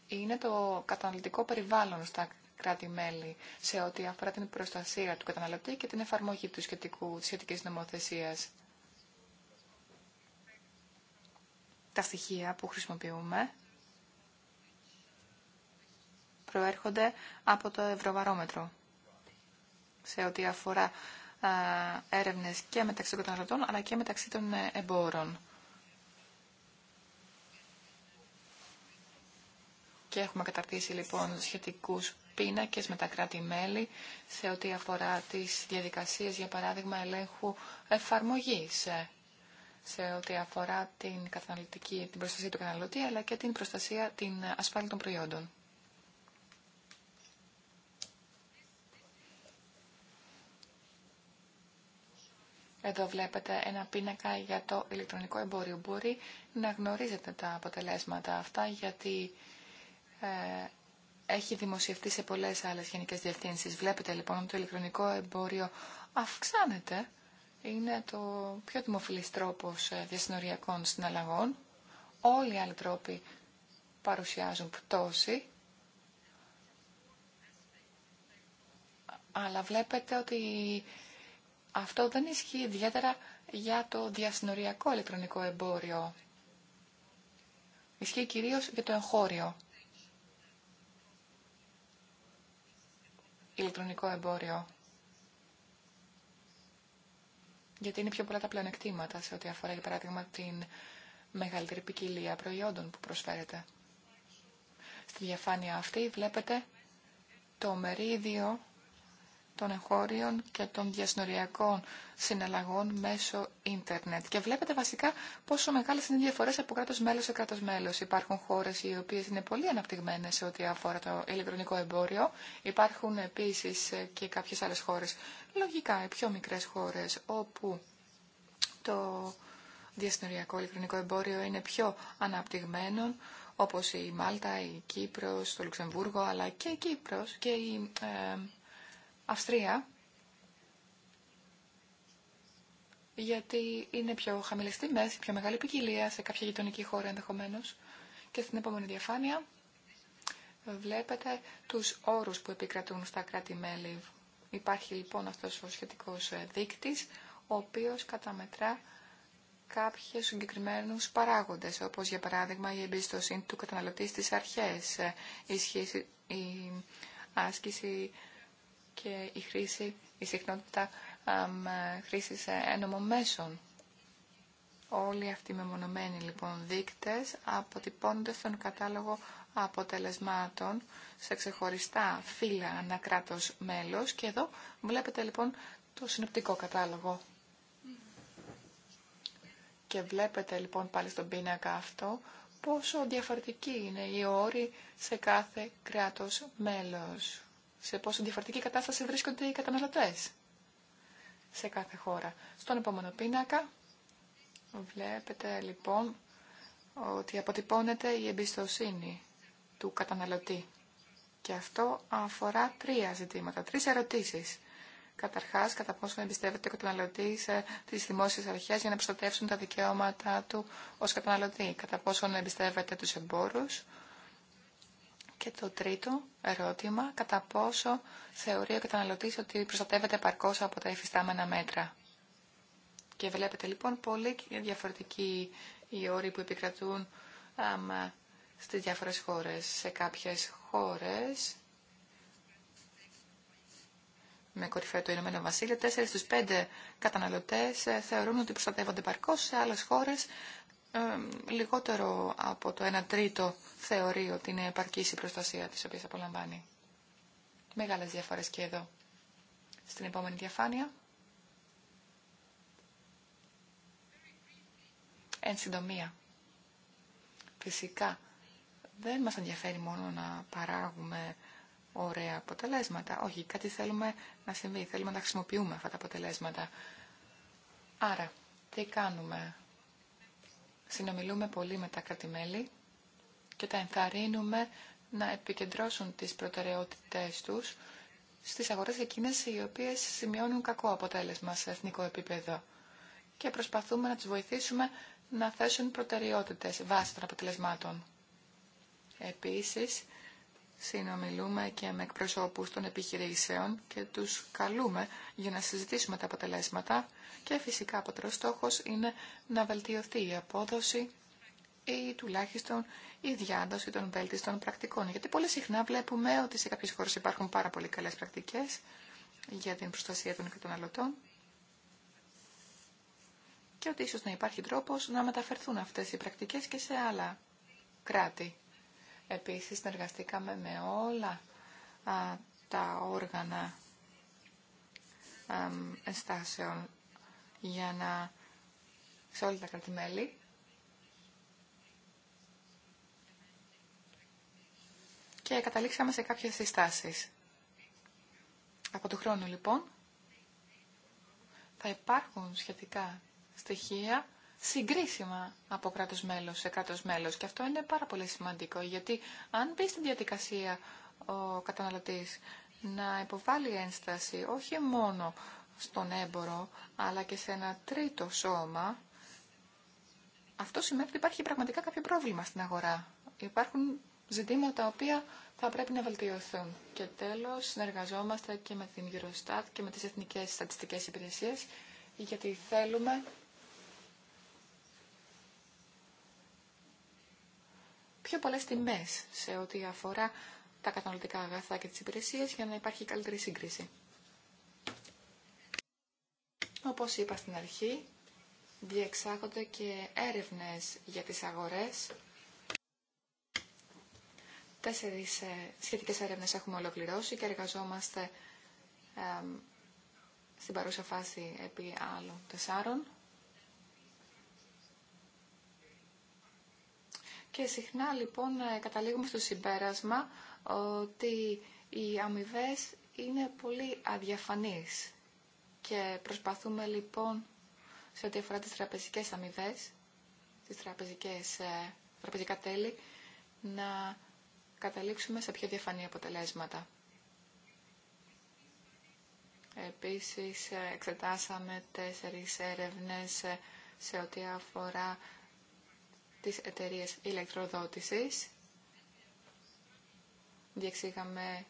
S3: είναι το καταναλωτικό περιβάλλον στα κράτη-μέλη σε ό,τι αφορά την προστασία του καταναλωτή και την εφαρμογή του σχετικού, της σχετικής νομοθεσίας. Τα στοιχεία που χρησιμοποιούμε προέρχονται από το Ευρωβαρόμετρο σε ό,τι αφορά έρευνες και μεταξύ των καταναλωτών αλλά και μεταξύ των ε, εμπόρων. Και έχουμε καταρτήσει λοιπόν σχετικούς πίνακες με τα κράτη-μέλη σε ό,τι αφορά τις διαδικασίες, για παράδειγμα, ελέγχου εφαρμογής ε, σε ό,τι αφορά την, καταναλωτική, την προστασία του καταναλωτή, αλλά και την προστασία, την ασφάλεια των προϊόντων. Εδώ βλέπετε ένα πίνακα για το ηλεκτρονικό εμπόριο. Μπορεί να γνωρίζετε τα αποτελέσματα αυτά, γιατί ε, έχει δημοσιευτεί σε πολλές άλλες γενικές διευθύνσεις. Βλέπετε λοιπόν ότι το ηλεκτρονικό εμπόριο αυξάνεται. Είναι το πιο δημοφιλής τρόπος ε, διασυνοριακών συναλλαγών. Όλοι οι άλλοι τρόποι παρουσιάζουν πτώση. Αλλά βλέπετε ότι αυτό δεν ισχύει ιδιαίτερα για το διασυνοριακό ηλεκτρονικό εμπόριο. Ισχύει κυρίως για το εγχώριο ηλεκτρονικό εμπόριο. Γιατί είναι πιο πολλά τα πλεονεκτήματα σε ό,τι αφορά, για παράδειγμα, την μεγαλύτερη ποικιλία προϊόντων που προσφέρεται. Στη διαφάνεια αυτή βλέπετε το μερίδιο των εγχώριων και των διασνοριακών συναλλαγών μέσω ίντερνετ. Και βλέπετε βασικά πόσο μεγάλες είναι οι διαφορές από κράτος μέλος σε κράτος μέλος. Υπάρχουν χώρες οι οποίες είναι πολύ αναπτυγμένες σε ό,τι αφορά το ηλεκτρονικό εμπόριο. Υπάρχουν επίσης και κάποιες άλλες χώρες, λογικά οι πιο μικρές χώρες, όπου το διασυνοριακό ηλεκτρονικό εμπόριο είναι πιο αναπτυγμένο όπως η Μάλτα, η Κύπρος, το Λουξεμβούργο, αλλά και η Κύπρος και η ε, Αυστρία, γιατί είναι πιο χαμηλέ τιμέ, πιο μεγάλη ποικιλία σε κάποια γειτονική χώρα ενδεχομένω. Και στην επόμενη διαφάνεια βλέπετε τους όρους που επικρατούν στα κράτη-μέλη. Υπάρχει λοιπόν αυτός ο σχετικό ε, δείκτη, ο οποίο καταμετρά κάποιες συγκεκριμένους παράγοντες, όπως για παράδειγμα η εμπιστοσύνη του καταναλωτή στις αρχές, ε, η άσκηση και η χρήση, η συχνότητα χρήσης ένωμων μέσων. Όλοι αυτοί οι μεμονωμένοι λοιπόν δείκτες αποτυπώνονται στον κατάλογο αποτελεσμάτων σε ξεχωριστά φύλλα ανακράτος μέλος και εδώ βλέπετε λοιπόν το συνοπτικό κατάλογο. Και βλέπετε λοιπόν πάλι στον πίνακα αυτό πόσο διαφορετική είναι η όρη σε κάθε κράτος μέλος σε πόσο διαφορετική κατάσταση βρίσκονται οι καταναλωτέ σε κάθε χώρα. Στον επόμενο πίνακα βλέπετε λοιπόν ότι αποτυπώνεται η εμπιστοσύνη του καταναλωτή. Και αυτό αφορά τρία ζητήματα, τρεις ερωτήσεις. Καταρχάς, κατά πόσο εμπιστεύεται ο καταναλωτή ε, τις δημόσιες αρχές για να προστατεύσουν τα δικαιώματά του ως καταναλωτή. Κατά πόσο εμπιστεύεται τους εμπόρους, και το τρίτο ερώτημα, κατά πόσο θεωρεί ο καταναλωτής ότι προστατεύεται επαρκώς από τα εφιστάμενα μέτρα. Και βλέπετε λοιπόν πολύ διαφορετικοί οι όροι που επικρατούν άμα, στις διάφορες χώρες. Σε κάποιες χώρες, με κορυφαίο το Ηνωμένο Βασίλειο, 4 στους 5 καταναλωτές ε, θεωρούν ότι προστατεύονται παρκώς. Σε άλλες χώρες λιγότερο από το 1 τρίτο θεωρεί ότι είναι επαρκή η προστασία της οποία απολαμβάνει. Μεγάλες διαφορέ και εδώ. Στην επόμενη διαφάνεια. Εν συντομία. Φυσικά δεν μας ενδιαφέρει μόνο να παράγουμε ωραία αποτελέσματα. Όχι, κάτι θέλουμε να συμβεί. Θέλουμε να χρησιμοποιούμε αυτά τα αποτελέσματα. Άρα, τι κάνουμε συνομιλούμε πολύ με τα κρατημέλη και τα ενθαρρύνουμε να επικεντρώσουν τις προτεραιότητες τους στις αγορές εκείνες οι οποίες σημειώνουν κακό αποτέλεσμα σε εθνικό επίπεδο και προσπαθούμε να τους βοηθήσουμε να θέσουν προτεραιότητες βάσει των αποτελεσμάτων. Επίσης, συνομιλούμε και με εκπροσώπους των επιχειρήσεων και τους καλούμε για να συζητήσουμε τα αποτελέσματα και φυσικά αποτελώς στόχος είναι να βελτιωθεί η απόδοση ή τουλάχιστον η διάδοση των βέλτιστων πρακτικών. Γιατί πολύ συχνά βλέπουμε ότι σε κάποιες χώρες υπάρχουν πάρα πολύ καλές πρακτικές για την προστασία των καταναλωτών και ότι ίσως να υπάρχει τρόπος να μεταφερθούν αυτές οι πρακτικές και σε άλλα κράτη. Επίσης, συνεργαστήκαμε με όλα τα όργανα ενστάσεων για να σε όλα τα κρατημέλη. Και καταλήξαμε σε κάποιες συστάσεις. Από του χρόνου, λοιπόν, θα υπάρχουν σχετικά στοιχεία συγκρίσιμα από κρατο μέλο σε κράτο μέλο. Και αυτό είναι πάρα πολύ σημαντικό, γιατί αν μπει στην διαδικασία ο καταναλωτή να υποβάλει ένσταση όχι μόνο στον έμπορο, αλλά και σε ένα τρίτο σώμα, αυτό σημαίνει ότι υπάρχει πραγματικά κάποιο πρόβλημα στην αγορά. Υπάρχουν ζητήματα τα οποία θα πρέπει να βελτιωθούν. Και τέλος, συνεργαζόμαστε και με την Eurostat και με τις Εθνικές Στατιστικές Υπηρεσίες, γιατί θέλουμε πιο πολλές τιμές σε ό,τι αφορά τα καταναλωτικά αγαθά και τις υπηρεσίες για να υπάρχει καλύτερη σύγκριση. Όπως είπα στην αρχή, διεξάγονται και έρευνες για τις αγορές. Τέσσερις ε, σχετικές έρευνες έχουμε ολοκληρώσει και εργαζόμαστε στην παρούσα φάση επί άλλων τεσσάρων. Και συχνά λοιπόν ε, καταλήγουμε στο συμπέρασμα ότι οι αμοιβέ είναι πολύ αδιαφανείς και προσπαθούμε λοιπόν σε ό,τι αφορά τις τραπεζικές αμοιβέ, τις τραπεζικές, ε, τραπεζικά τέλη, να καταλήξουμε σε πιο διαφανή αποτελέσματα. Επίσης, ε, εξετάσαμε τέσσερις έρευνες σε ό,τι αφορά ...της εταιρείας ηλεκτροδότησης. Διεξήγαμε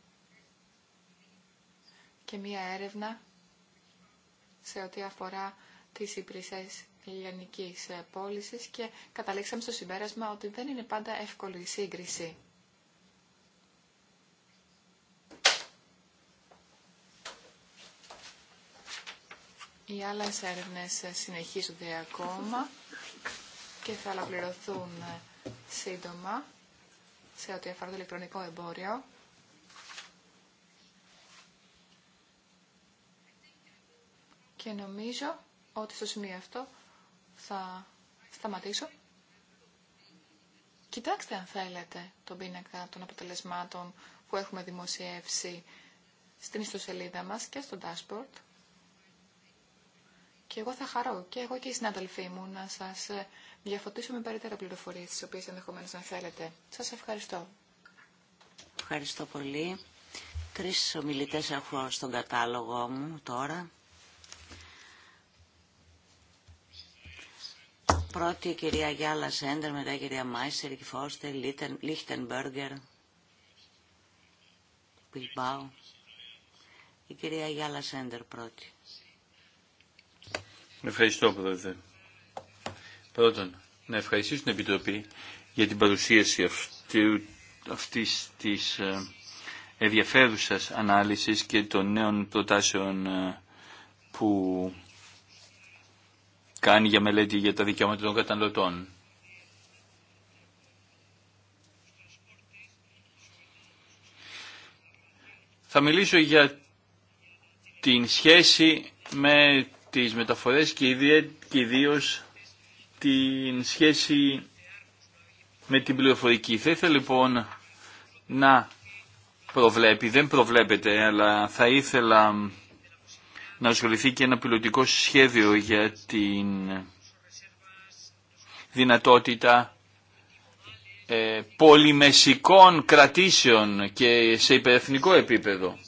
S3: και μία έρευνα σε ό,τι αφορά τις υπηρεσίες λιανικής πώλησης και καταλήξαμε στο συμπέρασμα ότι δεν είναι πάντα εύκολη η σύγκριση. Οι άλλες έρευνες συνεχίζονται ακόμα και θα ολοκληρωθούν ε, σύντομα σε ό,τι αφορά το ηλεκτρονικό εμπόριο. Και νομίζω ότι στο σημείο αυτό θα σταματήσω. Κοιτάξτε αν θέλετε τον πίνακα των αποτελεσμάτων που έχουμε δημοσιεύσει στην ιστοσελίδα μας και στο dashboard. Και εγώ θα χαρώ, και εγώ και οι συνάδελφοί μου, να σα ε, διαφωτίσω με περαιτέρω πληροφορίες, τι οποίε ενδεχομένω να θέλετε. Σα ευχαριστώ.
S1: Ευχαριστώ πολύ. Τρεις ομιλητές έχω στον κατάλογο μου τώρα. Πρώτη η κυρία Γιάλα Σέντερ, μετά η κυρία Μάισερ, η Φώστερ, Λίχτενμπεργκερ, Μπιλμπάου. Η κυρία Γιάλα Σέντερ πρώτη.
S2: Ευχαριστώ, Πρόεδρε. Πρώτον, να ευχαριστήσω την Επιτροπή για την παρουσίαση αυτού, αυτής της ε, ενδιαφέρουσας ανάλυσης και των νέων προτάσεων ε, που κάνει για μελέτη για τα δικαιώματα των καταναλωτών. Θα μιλήσω για την σχέση με τις μεταφορές και ιδίω την σχέση με την πληροφορική. Θα ήθελα λοιπόν να προβλέπει, δεν προβλέπεται, αλλά θα ήθελα να ασχοληθεί και ένα πιλωτικό σχέδιο για την δυνατότητα ε, πολυμεσικών κρατήσεων και σε υπερεθνικό επίπεδο.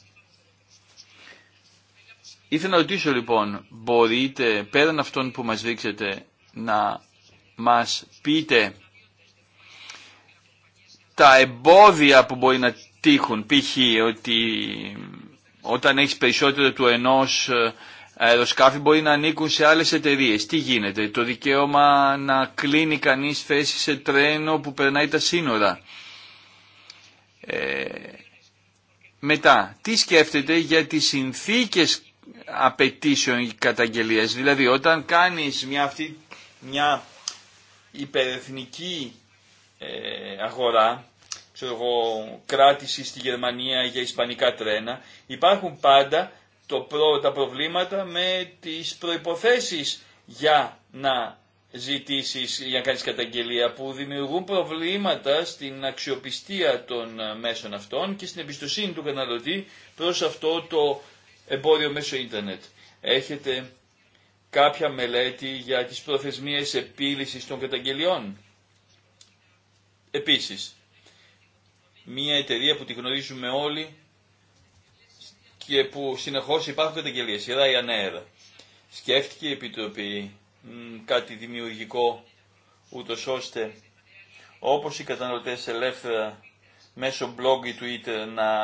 S2: Ήθελα να ρωτήσω λοιπόν, μπορείτε πέραν αυτών που μας δείξετε να μας πείτε τα εμπόδια που μπορεί να τύχουν, π.χ. ότι όταν έχεις περισσότερο του ενός ε, αεροσκάφη μπορεί να ανήκουν σε άλλες εταιρείε. Τι γίνεται, το δικαίωμα να κλείνει κανείς θέση σε τρένο που περνάει τα σύνορα. Ε, μετά, τι σκέφτεται για τις συνθήκες απαιτήσεων ή καταγγελίες. Δηλαδή όταν κάνεις μια, αυτή, μια υπερεθνική ε, αγορά, ξέρω εγώ, κράτηση στη Γερμανία για ισπανικά τρένα, υπάρχουν πάντα το προ, τα προβλήματα με τις προϋποθέσεις για να ζητήσεις για να κάνεις καταγγελία που δημιουργούν προβλήματα στην αξιοπιστία των μέσων αυτών και στην εμπιστοσύνη του καταναλωτή προς αυτό το εμπόριο μέσω ίντερνετ. Έχετε κάποια μελέτη για τις προθεσμίες επίλυσης των καταγγελιών. Επίσης, μια εταιρεία που τη γνωρίζουμε όλοι και που συνεχώς υπάρχουν καταγγελίες, η Ryanair. Σκέφτηκε η Επιτροπή κάτι δημιουργικό, ούτω ώστε όπως οι καταναλωτές ελεύθερα μέσω blog ή Twitter να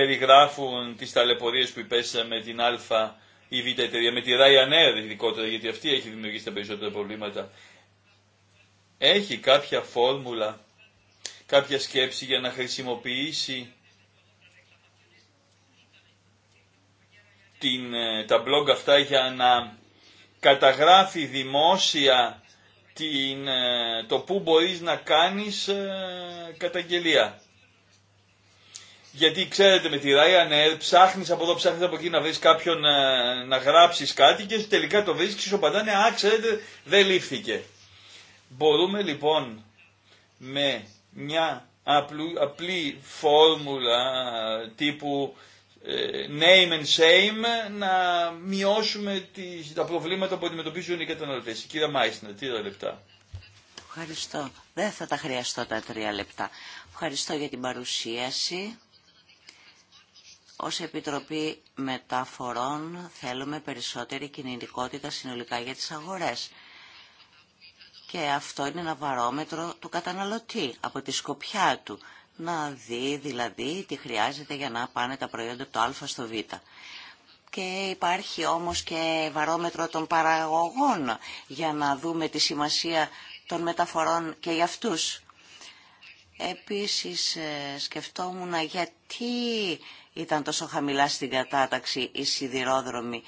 S2: περιγράφουν τις ταλαιπωρίες που με την Α ή Β εταιρεία, με τη Ryanair ειδικότερα, γιατί αυτή έχει δημιουργήσει τα περισσότερα προβλήματα. Έχει κάποια φόρμουλα, κάποια σκέψη για να χρησιμοποιήσει την, ε, τα blog αυτά για να καταγράφει δημόσια την, ε, το που μπορείς να κάνεις ε, καταγγελία. Γιατί ξέρετε με τη Ryanair ψάχνεις από εδώ, ψάχνεις από εκεί να βρεις κάποιον να, ε, να γράψεις κάτι και τελικά το βρίσκεις σου απαντάνε «Α, ξέρετε, δεν λήφθηκε». Μπορούμε λοιπόν με μια απλού, απλή φόρμουλα τύπου ε, name and shame να μειώσουμε τις, τα προβλήματα που αντιμετωπίζουν οι καταναλωτές. Κύριε Μάισνερ, τρία λεπτά.
S1: Ευχαριστώ. Δεν θα τα χρειαστώ τα τρία λεπτά. Ευχαριστώ για την παρουσίαση. Ως Επιτροπή Μεταφορών θέλουμε περισσότερη κινητικότητα συνολικά για τις αγορές. Και αυτό είναι ένα βαρόμετρο του καταναλωτή, από τη σκοπιά του. Να δει δηλαδή τι χρειάζεται για να πάνε τα προϊόντα το α στο β. Και υπάρχει όμως και βαρόμετρο των παραγωγών για να δούμε τη σημασία των μεταφορών και για αυτούς. Επίσης ε, σκεφτόμουν γιατί ήταν τόσο χαμηλά στην κατάταξη οι σιδηρόδρομοι,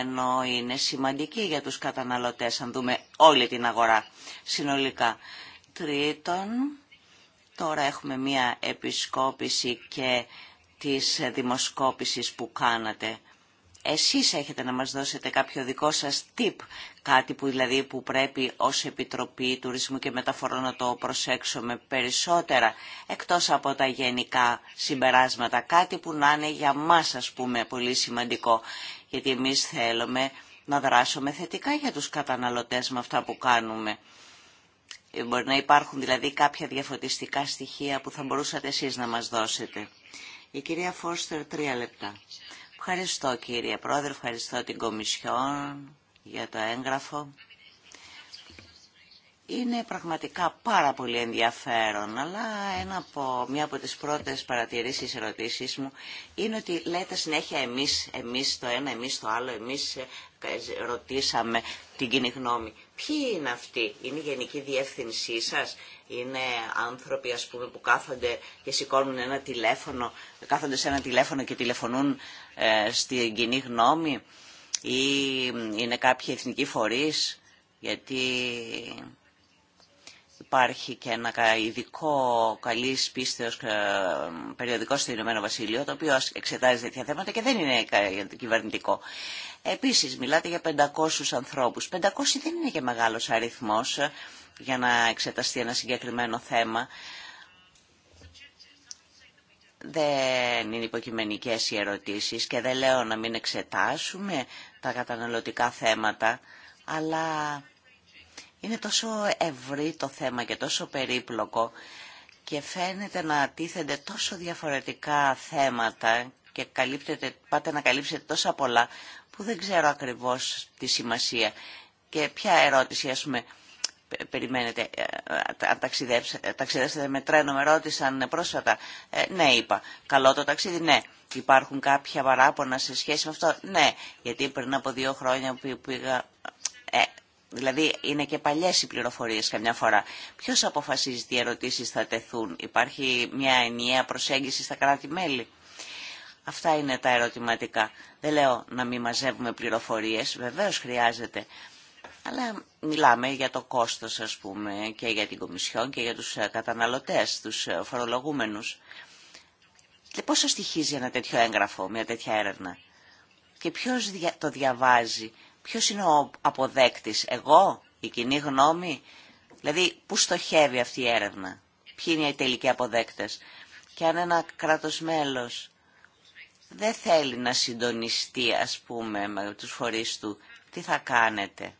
S1: ενώ είναι σημαντική για τους καταναλωτές, αν δούμε όλη την αγορά συνολικά. Τρίτον, τώρα έχουμε μία επισκόπηση και της δημοσκόπησης που κάνατε. Εσείς έχετε να μας δώσετε κάποιο δικό σας tip, Κάτι που δηλαδή που πρέπει ως Επιτροπή Τουρισμού και Μεταφορών να το προσέξουμε περισσότερα, εκτός από τα γενικά συμπεράσματα. Κάτι που να είναι για μας ας πούμε πολύ σημαντικό, γιατί εμείς θέλουμε να δράσουμε θετικά για τους καταναλωτές με αυτά που κάνουμε. Ε, μπορεί να υπάρχουν δηλαδή κάποια διαφωτιστικά στοιχεία που θα μπορούσατε εσείς να μας δώσετε. Η κυρία Φόρστερ, τρία λεπτά. Ευχαριστώ κύριε Πρόεδρε, ευχαριστώ την Κομισιόν για το έγγραφο. Είναι πραγματικά πάρα πολύ ενδιαφέρον, αλλά ένα από, μια από τις πρώτες παρατηρήσεις, ερωτήσεις μου, είναι ότι λέτε συνέχεια εμείς, εμείς το ένα, εμείς το άλλο, εμείς ε, ρωτήσαμε την κοινή γνώμη. Ποιοι είναι αυτοί, είναι η γενική διεύθυνσή σας, είναι άνθρωποι ας πούμε που κάθονται και σηκώνουν ένα τηλέφωνο, κάθονται σε ένα τηλέφωνο και τηλεφωνούν ε, στην κοινή γνώμη ή είναι κάποιοι εθνικοί φορείς, γιατί υπάρχει και ένα ειδικό καλής πίστεως ε, περιοδικό στο Ηνωμένο Βασίλειο, το οποίο εξετάζει τέτοια θέματα και δεν είναι κυβερνητικό. Επίσης, μιλάτε για 500 ανθρώπους. 500 δεν είναι και μεγάλος αριθμός ε, για να εξεταστεί ένα συγκεκριμένο θέμα. Δεν είναι υποκειμενικές οι ερωτήσεις και δεν λέω να μην εξετάσουμε τα καταναλωτικά θέματα, αλλά είναι τόσο ευρύ το θέμα και τόσο περίπλοκο και φαίνεται να τίθενται τόσο διαφορετικά θέματα και καλύπτεται, πάτε να καλύψετε τόσα πολλά που δεν ξέρω ακριβώς τη σημασία. Και ποια ερώτηση, ας πούμε, περιμένετε, ε, ε, αν ταξιδέψετε με τρένο, με ρώτησαν πρόσφατα. Ε, ναι, είπα. Καλό το ταξίδι, ναι. Υπάρχουν κάποια παράπονα σε σχέση με αυτό, ναι. Γιατί πριν από δύο χρόνια που πήγα... δηλαδή είναι και παλιές οι πληροφορίες καμιά φορά. Ποιος αποφασίζει τι ερωτήσεις θα τεθούν. Υπάρχει μια ενιαία προσέγγιση στα κράτη-μέλη. Αυτά είναι τα ερωτηματικά. Δεν λέω να μην μαζεύουμε πληροφορίες, βεβαίως χρειάζεται. Αλλά μιλάμε για το κόστος, ας πούμε, και για την Κομισιόν και για τους ε, καταναλωτές, τους ε, φορολογούμενους. Πόσο λοιπόν, στοιχίζει ένα τέτοιο έγγραφο, μια τέτοια έρευνα. Και ποιος το διαβάζει, ποιος είναι ο αποδέκτης, εγώ, η κοινή γνώμη. Δηλαδή, πού στοχεύει αυτή η έρευνα, ποιοι είναι οι τελικοί αποδέκτες. Και αν ένα κράτος μέλος δεν θέλει να συντονιστεί, ας πούμε, με τους φορείς του, τι θα κάνετε.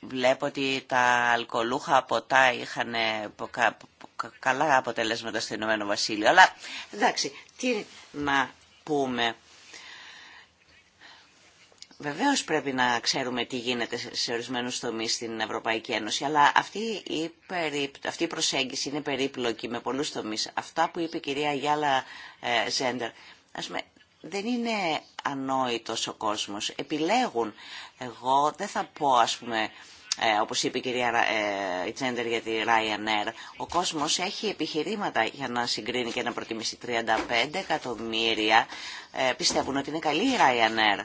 S1: Βλέπω ότι τα αλκοολούχα ποτά είχαν καλά αποτελέσματα στο Ηνωμένο Βασίλειο. Αλλά εντάξει, τι να πούμε. Βεβαίω πρέπει να ξέρουμε τι γίνεται σε ορισμένου τομεί στην Ευρωπαϊκή Ένωση, αλλά αυτή η, αυτή προσέγγιση είναι περίπλοκη με πολλού τομεί. Αυτά που είπε η κυρία Γιάλα ε, Ζέντερ, πούμε, δεν είναι ανόητος ο κόσμος. Επιλέγουν. Εγώ δεν θα πω, ας πούμε, ε, όπως είπε η κυρία ε, Τσέντερ για τη Ryanair, ο κόσμος έχει επιχειρήματα για να συγκρίνει και να προτιμήσει 35 εκατομμύρια. Ε, πιστεύουν ότι είναι καλή η Ryanair.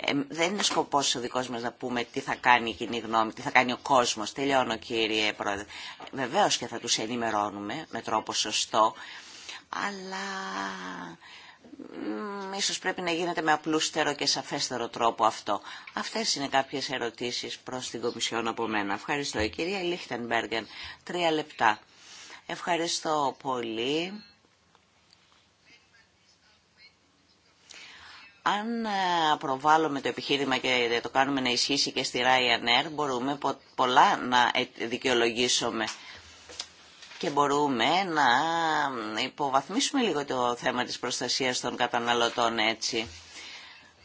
S1: Ε, δεν είναι σκοπός ο δικός μας να πούμε τι θα κάνει η κοινή γνώμη, τι θα κάνει ο κόσμος. Τελειώνω κύριε Πρόεδρε. Βεβαίως και θα τους ενημερώνουμε με τρόπο σωστό, αλλά Ίσως πρέπει να γίνεται με απλούστερο και σαφέστερο τρόπο αυτό. Αυτές είναι κάποιες ερωτήσεις προς την Κομισιόν από μένα. Ευχαριστώ. Η κυρία Λίχτενμπέργεν, τρία λεπτά. Ευχαριστώ πολύ. Αν ε, προβάλλουμε το επιχείρημα και το κάνουμε να ισχύσει και στη Ryanair, μπορούμε πολλά να ε, δικαιολογήσουμε και μπορούμε να υποβαθμίσουμε λίγο το θέμα της προστασίας των καταναλωτών έτσι.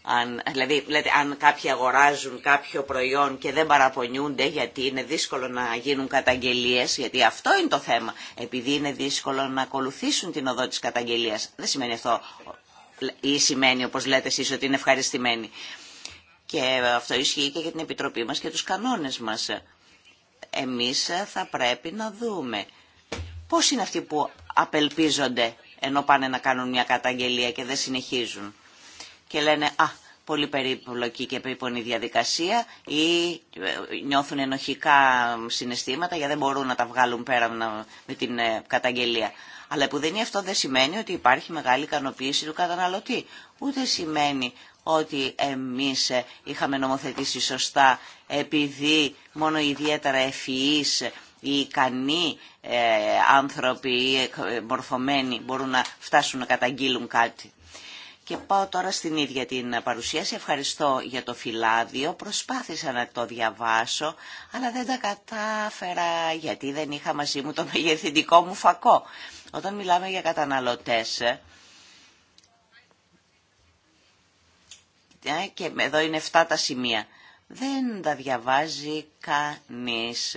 S1: Αν, δηλαδή, αν κάποιοι αγοράζουν κάποιο προϊόν και δεν παραπονιούνται γιατί είναι δύσκολο να γίνουν καταγγελίες, γιατί αυτό είναι το θέμα, επειδή είναι δύσκολο να ακολουθήσουν την οδό της καταγγελίας. Δεν σημαίνει αυτό ή σημαίνει, όπως λέτε εσείς, ότι είναι ευχαριστημένοι. Και αυτό ισχύει και για την Επιτροπή μας και τους κανόνες μας. Εμείς θα πρέπει να δούμε Πώς είναι αυτοί που απελπίζονται ενώ πάνε να κάνουν μια καταγγελία και δεν συνεχίζουν. Και λένε, α, πολύ περίπλοκη και περίπονη διαδικασία ή ε, νιώθουν ενοχικά συναισθήματα γιατί δεν μπορούν να τα βγάλουν πέρα με την ε, καταγγελία. Αλλά που δεν είναι αυτό δεν σημαίνει ότι υπάρχει μεγάλη ικανοποίηση του καταναλωτή. Ούτε σημαίνει ότι εμείς ε, είχαμε νομοθετήσει σωστά επειδή μόνο ιδιαίτερα ευφυείς οι ικανοί ε, άνθρωποι ή ε, ε, μορφωμένοι μπορούν να φτάσουν να καταγγείλουν κάτι. Και πάω τώρα στην ίδια την παρουσίαση. Ευχαριστώ για το φυλάδιο. Προσπάθησα να το διαβάσω, αλλά δεν τα κατάφερα γιατί δεν είχα μαζί μου το μεγεθυντικό μου φακό. Όταν μιλάμε για καταναλωτές, και εδώ είναι 7 τα σημεία, δεν τα διαβάζει κανείς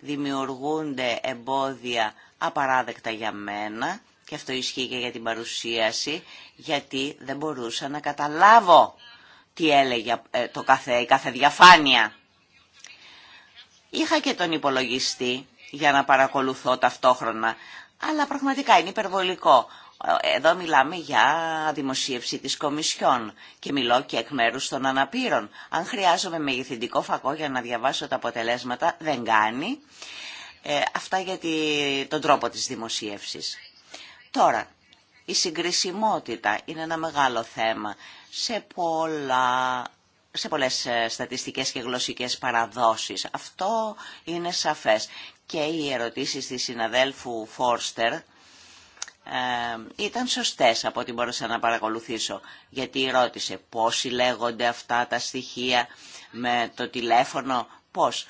S1: δημιουργούνται εμπόδια απαράδεκτα για μένα και αυτό ισχύει και για την παρουσίαση γιατί δεν μπορούσα να καταλάβω τι έλεγε ε, το κάθε, η κάθε διαφάνεια. Είχα και τον υπολογιστή για να παρακολουθώ ταυτόχρονα αλλά πραγματικά είναι υπερβολικό εδώ μιλάμε για δημοσίευση της Κομισιόν και μιλώ και εκ μέρους των αναπήρων. Αν χρειάζομαι μεγεθυντικό φακό για να διαβάσω τα αποτελέσματα, δεν κάνει. Ε, αυτά για τον τρόπο της δημοσίευσης. Τώρα, η συγκρισιμότητα είναι ένα μεγάλο θέμα σε, πολλά, σε πολλές ε, στατιστικές και γλωσσικές παραδόσεις. Αυτό είναι σαφές. Και οι ερωτήσεις της συναδέλφου Φόρστερ ήταν σωστές από ό,τι μπόρεσα να παρακολουθήσω. Γιατί ρώτησε πώς συλλέγονται αυτά τα στοιχεία με το τηλέφωνο, πώς.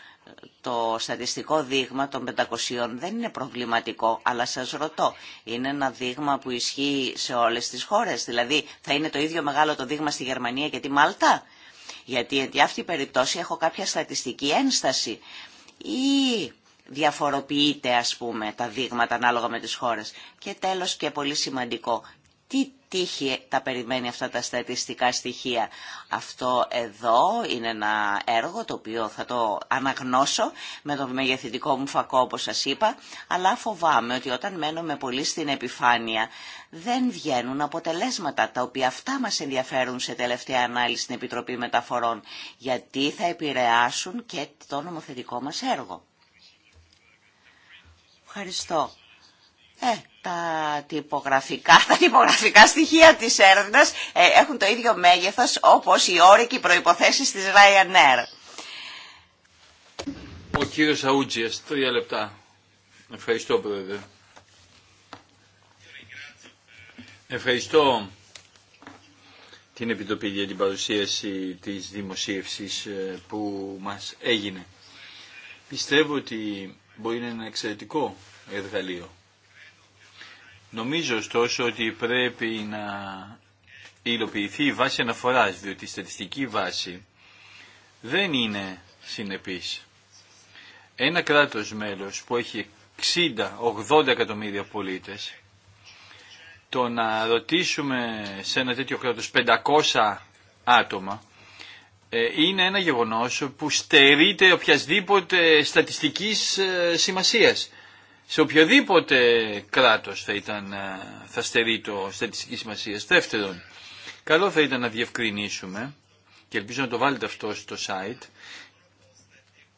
S1: Το στατιστικό δείγμα των 500 δεν είναι προβληματικό, αλλά σας ρωτώ, είναι ένα δείγμα που ισχύει σε όλες τις χώρες. Δηλαδή, θα είναι το ίδιο μεγάλο το δείγμα στη Γερμανία και τη Μάλτα. Γιατί για αυτή την περίπτωση έχω κάποια στατιστική ένσταση. Ή διαφοροποιείται ας πούμε τα δείγματα ανάλογα με τις χώρες. Και τέλος και πολύ σημαντικό, τι τύχη τα περιμένει αυτά τα στατιστικά στοιχεία. Αυτό εδώ είναι ένα έργο το οποίο θα το αναγνώσω με το μεγεθυντικό μου φακό όπως σας είπα, αλλά φοβάμαι ότι όταν μένουμε πολύ στην επιφάνεια δεν βγαίνουν αποτελέσματα τα οποία αυτά μας ενδιαφέρουν σε τελευταία ανάλυση στην Επιτροπή Μεταφορών γιατί θα επηρεάσουν και το νομοθετικό μας έργο. Ευχαριστώ. Ε, τα τυπογραφικά, τα τυπογραφικά στοιχεία της έρευνας ε, έχουν το ίδιο μέγεθος όπως οι όροι και οι προϋποθέσεις της Ryanair.
S2: Ο κύριος Αούτζιας, τρία λεπτά. Ευχαριστώ πρόεδρε. Ευχαριστώ την Επιτροπή για την παρουσίαση της δημοσίευσης ε, που μας έγινε. Πιστεύω ότι μπορεί να είναι ένα εξαιρετικό εργαλείο. Νομίζω ωστόσο ότι πρέπει να υλοποιηθεί η βάση αναφοράς, διότι η στατιστική βάση δεν είναι συνεπής. Ένα κράτος μέλος που έχει 60-80 εκατομμύρια πολίτες, το να ρωτήσουμε σε ένα τέτοιο κράτος 500 άτομα, ε, είναι ένα γεγονός που στερείται οποιασδήποτε στατιστικής ε, σημασίας. Σε οποιοδήποτε κράτος θα, ήταν, ε, θα στερεί το στατιστική σημασία. Δεύτερον, καλό θα ήταν να διευκρινίσουμε, και ελπίζω να το βάλετε αυτό στο site,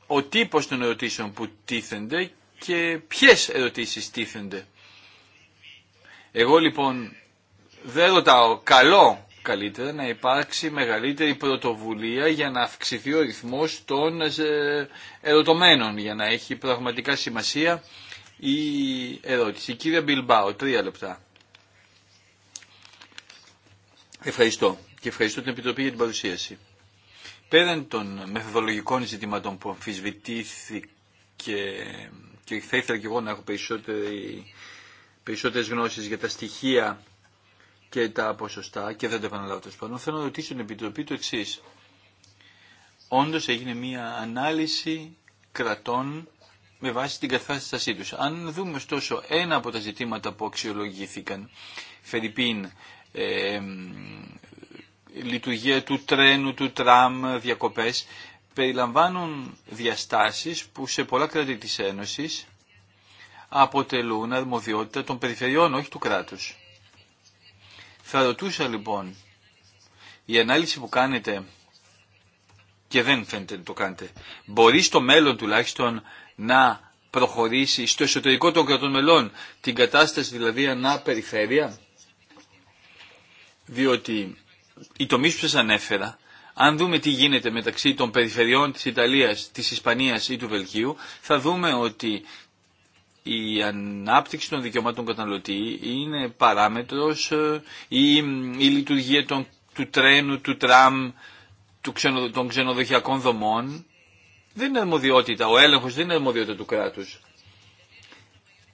S2: ο τύπος των ερωτήσεων που τίθενται και ποιες ερωτήσεις τίθενται. Εγώ λοιπόν δεν ρωτάω καλό καλύτερα να υπάρξει μεγαλύτερη πρωτοβουλία για να αυξηθεί ο ρυθμός των ε, ερωτωμένων, για να έχει πραγματικά σημασία η ερώτηση. Κύριε Μπιλμπάου, τρία λεπτά. Ευχαριστώ και ευχαριστώ την Επιτροπή για την παρουσίαση. Πέραν των μεθοδολογικών ζητημάτων που αμφισβητήθηκε και θα ήθελα και εγώ να έχω περισσότερες γνώσεις για τα στοιχεία και τα ποσοστά και δεν το επαναλάβω τόσο πάνω. Θέλω να ρωτήσω την Επιτροπή το εξή. Όντω έγινε μια ανάλυση κρατών με βάση την κατάστασή του. Αν δούμε ωστόσο ένα από τα ζητήματα που αξιολογήθηκαν, Φερρυπίν, λειτουργία του τρένου, του τραμ, διακοπές, περιλαμβάνουν διαστάσεις που σε πολλά κράτη της Ένωσης αποτελούν αρμοδιότητα των περιφερειών, όχι του κράτους. Θα ρωτούσα λοιπόν, η ανάλυση που κάνετε και δεν φαίνεται να το κάνετε, μπορεί στο μέλλον τουλάχιστον να προχωρήσει στο εσωτερικό των κρατών μελών την κατάσταση δηλαδή ανά περιφέρεια, διότι οι τομείς που σας ανέφερα, αν δούμε τι γίνεται μεταξύ των περιφερειών της Ιταλίας, της Ισπανίας ή του Βελγίου, θα δούμε ότι η ανάπτυξη των δικαιωμάτων καταναλωτή είναι παράμετρος ή ε, η λειτουργία του τρένου, του τραμ, του των ξενοδοχειακών δομών. Δεν είναι αρμοδιότητα, ο έλεγχος δεν είναι αρμοδιότητα του κράτους.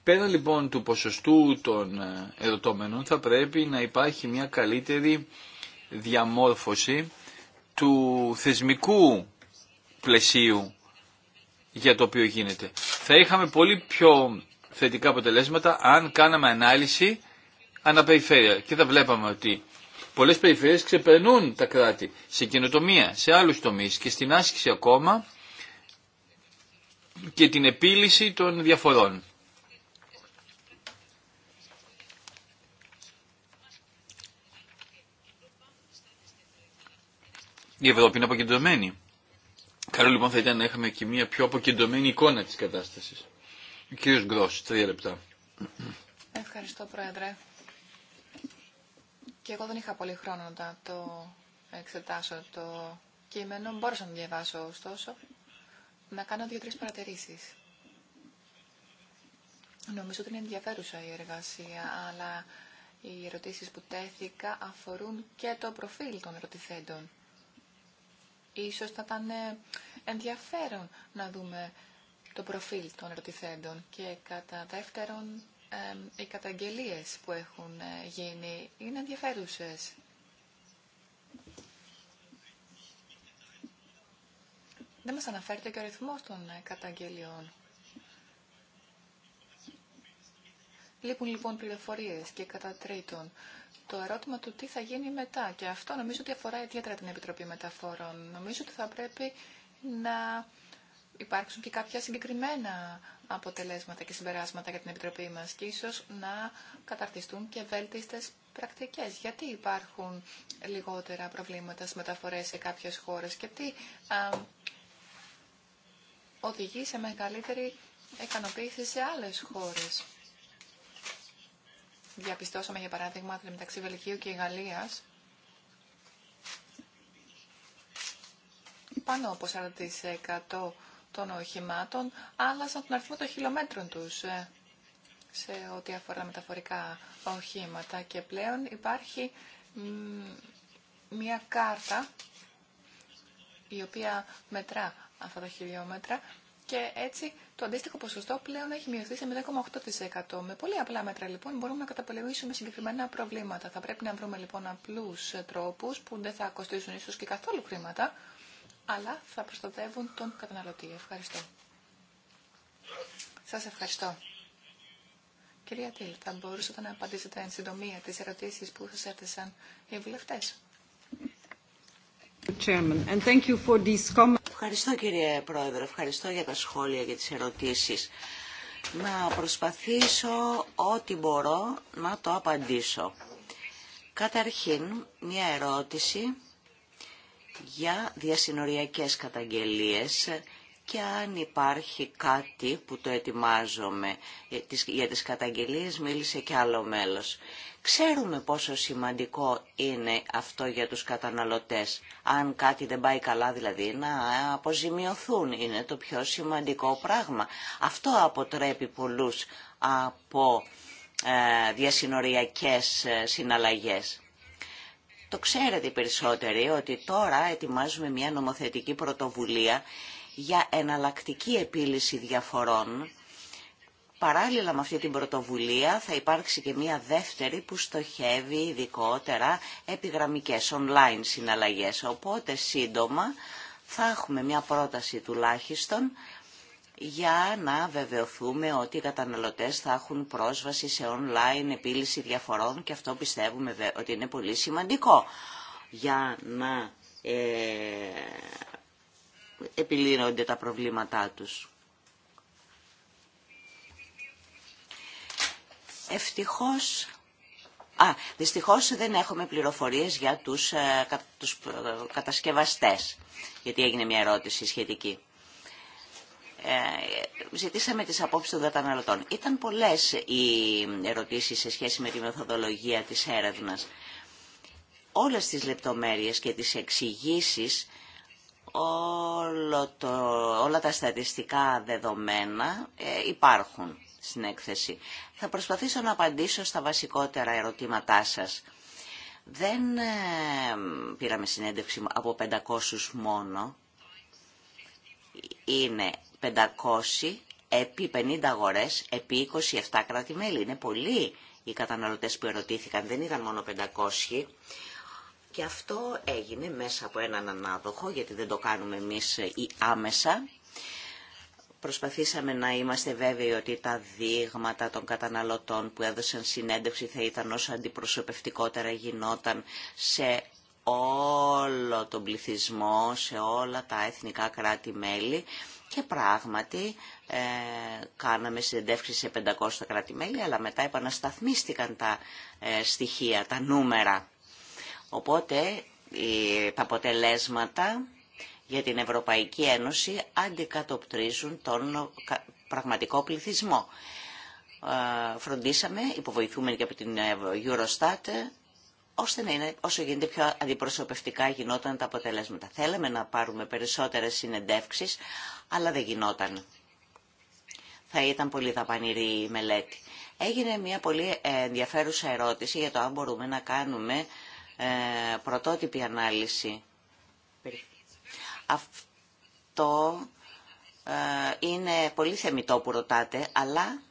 S2: Πέρα λοιπόν του ποσοστού των ε, ερωτώμενων θα πρέπει να υπάρχει μια καλύτερη διαμόρφωση του θεσμικού πλαισίου για το οποίο γίνεται θα είχαμε πολύ πιο θετικά αποτελέσματα αν κάναμε ανάλυση αναπεριφέρεια και θα βλέπαμε ότι πολλές περιφερειέ ξεπερνούν τα κράτη σε καινοτομία, σε άλλους τομείς και στην άσκηση ακόμα και την επίλυση των διαφορών. Η Ευρώπη είναι αποκεντρωμένη. Καλό λοιπόν θα ήταν να είχαμε και μια πιο αποκεντρωμένη εικόνα της κατάστασης. Ο κύριος Γκρός, τρία λεπτά.
S3: Ευχαριστώ Πρόεδρε. Και εγώ δεν είχα πολύ χρόνο να το εξετάσω το κείμενο. Μπόρεσα να διαβάσω ωστόσο. Να κάνω δύο-τρεις παρατηρήσεις. Νομίζω ότι είναι ενδιαφέρουσα η εργασία, αλλά οι ερωτήσεις που τέθηκα αφορούν και το προφίλ των ερωτηθέντων. Ίσως θα ήταν ε, ενδιαφέρον να δούμε το προφίλ των ερωτηθέντων και κατά δεύτερον οι καταγγελίες που έχουν ε, γίνει είναι ενδιαφέρουσες. Δεν μας αναφέρεται και ο ρυθμός των ε, καταγγελιών. Λείπουν λοιπόν πληροφορίες και κατά τρίτον το ερώτημα του τι θα γίνει μετά. Και αυτό νομίζω ότι αφορά ιδιαίτερα την Επιτροπή Μεταφορών. Νομίζω ότι θα πρέπει να υπάρξουν και κάποια συγκεκριμένα αποτελέσματα και συμπεράσματα για την Επιτροπή μας και ίσως να καταρτιστούν και βέλτιστες πρακτικές. Γιατί υπάρχουν λιγότερα προβλήματα στις μεταφορές σε κάποιες χώρες και τι οδηγεί σε μεγαλύτερη ικανοποίηση σε άλλες χώρες. Διαπιστώσαμε, για παράδειγμα, ότι μεταξύ Βελγίου και Γαλλίας πάνω από 40% των οχημάτων άλλασαν τον αριθμό των χιλιόμετρων τους ε, σε ό,τι αφορά μεταφορικά οχήματα και πλέον υπάρχει μια κάρτα η οποία μετρά αυτά τα χιλιόμετρα και έτσι το αντίστοιχο ποσοστό πλέον έχει μειωθεί σε 0,8%. Με πολύ απλά μέτρα λοιπόν μπορούμε να καταπολεμήσουμε συγκεκριμένα προβλήματα. Θα πρέπει να βρούμε λοιπόν απλού τρόπου που δεν θα κοστίζουν ίσω και καθόλου χρήματα, αλλά θα προστατεύουν τον καταναλωτή. Ευχαριστώ. Σας ευχαριστώ. Κυρία Τιλ, θα μπορούσατε να απαντήσετε εν συντομία τι ερωτήσεις που σα έθεσαν οι βουλευτέ.
S1: Ευχαριστώ κύριε Πρόεδρε, ευχαριστώ για τα σχόλια και τις ερωτήσεις. Να προσπαθήσω ό,τι μπορώ να το απαντήσω. Καταρχήν, μια ερώτηση για διασυνοριακές καταγγελίες και αν υπάρχει κάτι που το ετοιμάζομαι για τις καταγγελίες μίλησε και άλλο μέλος. Ξέρουμε πόσο σημαντικό είναι αυτό για τους καταναλωτές. Αν κάτι δεν πάει καλά δηλαδή να αποζημιωθούν είναι το πιο σημαντικό πράγμα. Αυτό αποτρέπει πολλούς από ε, διασυνοριακές ε, συναλλαγές. Το ξέρετε περισσότεροι ότι τώρα ετοιμάζουμε μια νομοθετική πρωτοβουλία για εναλλακτική επίλυση διαφορών. Παράλληλα με αυτή την πρωτοβουλία θα υπάρξει και μία δεύτερη που στοχεύει ειδικότερα επιγραμμικές online συναλλαγές. Οπότε σύντομα θα έχουμε μία πρόταση τουλάχιστον για να βεβαιωθούμε ότι οι καταναλωτές θα έχουν πρόσβαση σε online επίλυση διαφορών και αυτό πιστεύουμε ότι είναι πολύ σημαντικό για να ε, επιλύνονται τα προβλήματά τους. Ευτυχώς, α, δυστυχώς δεν έχουμε πληροφορίες για τους, ε, κα, ε, κατασκευαστές, γιατί έγινε μια ερώτηση σχετική. Ε, ζητήσαμε τις απόψεις των καταναλωτών. Ήταν πολλές οι ερωτήσεις σε σχέση με τη μεθοδολογία της έρευνας. Όλες τις λεπτομέρειες και τις εξηγήσεις όλα τα στατιστικά δεδομένα ε, υπάρχουν στην έκθεση. Θα προσπαθήσω να απαντήσω στα βασικότερα ερωτήματά σας. Δεν ε, πήραμε συνέντευξη από 500 μόνο. Είναι 500 επί 50 αγορές, επί 27 κράτη-μέλη. Είναι πολλοί οι καταναλωτές που ερωτήθηκαν, δεν ήταν μόνο 500. Και αυτό έγινε μέσα από έναν ανάδοχο, γιατί δεν το κάνουμε εμείς ε, ή άμεσα. Προσπαθήσαμε να είμαστε βέβαιοι ότι τα δείγματα των καταναλωτών που έδωσαν συνέντευξη θα ήταν όσο αντιπροσωπευτικότερα γινόταν σε όλο τον πληθυσμό, σε όλα τα εθνικά κράτη-μέλη και πράγματι ε, κάναμε συνέντευξη σε 500 κράτη-μέλη αλλά μετά επανασταθμίστηκαν τα ε, στοιχεία, τα νούμερα. Οπότε τα αποτελέσματα για την Ευρωπαϊκή Ένωση αντικατοπτρίζουν τον πραγματικό πληθυσμό. Ε, φροντίσαμε, υποβοηθούμε και από την ε, Eurostat, ώστε να είναι όσο γίνεται πιο αντιπροσωπευτικά γινόταν τα αποτελέσματα. Θέλαμε να πάρουμε περισσότερες συνεντεύξεις, αλλά δεν γινόταν. Θα ήταν πολύ δαπανηρή η μελέτη. Έγινε μια πολύ ενδιαφέρουσα ερώτηση για το αν μπορούμε να κάνουμε ε, πρωτότυπη ανάλυση. Αυτό ε, είναι πολύ θεμητό που ρωτάτε, αλλά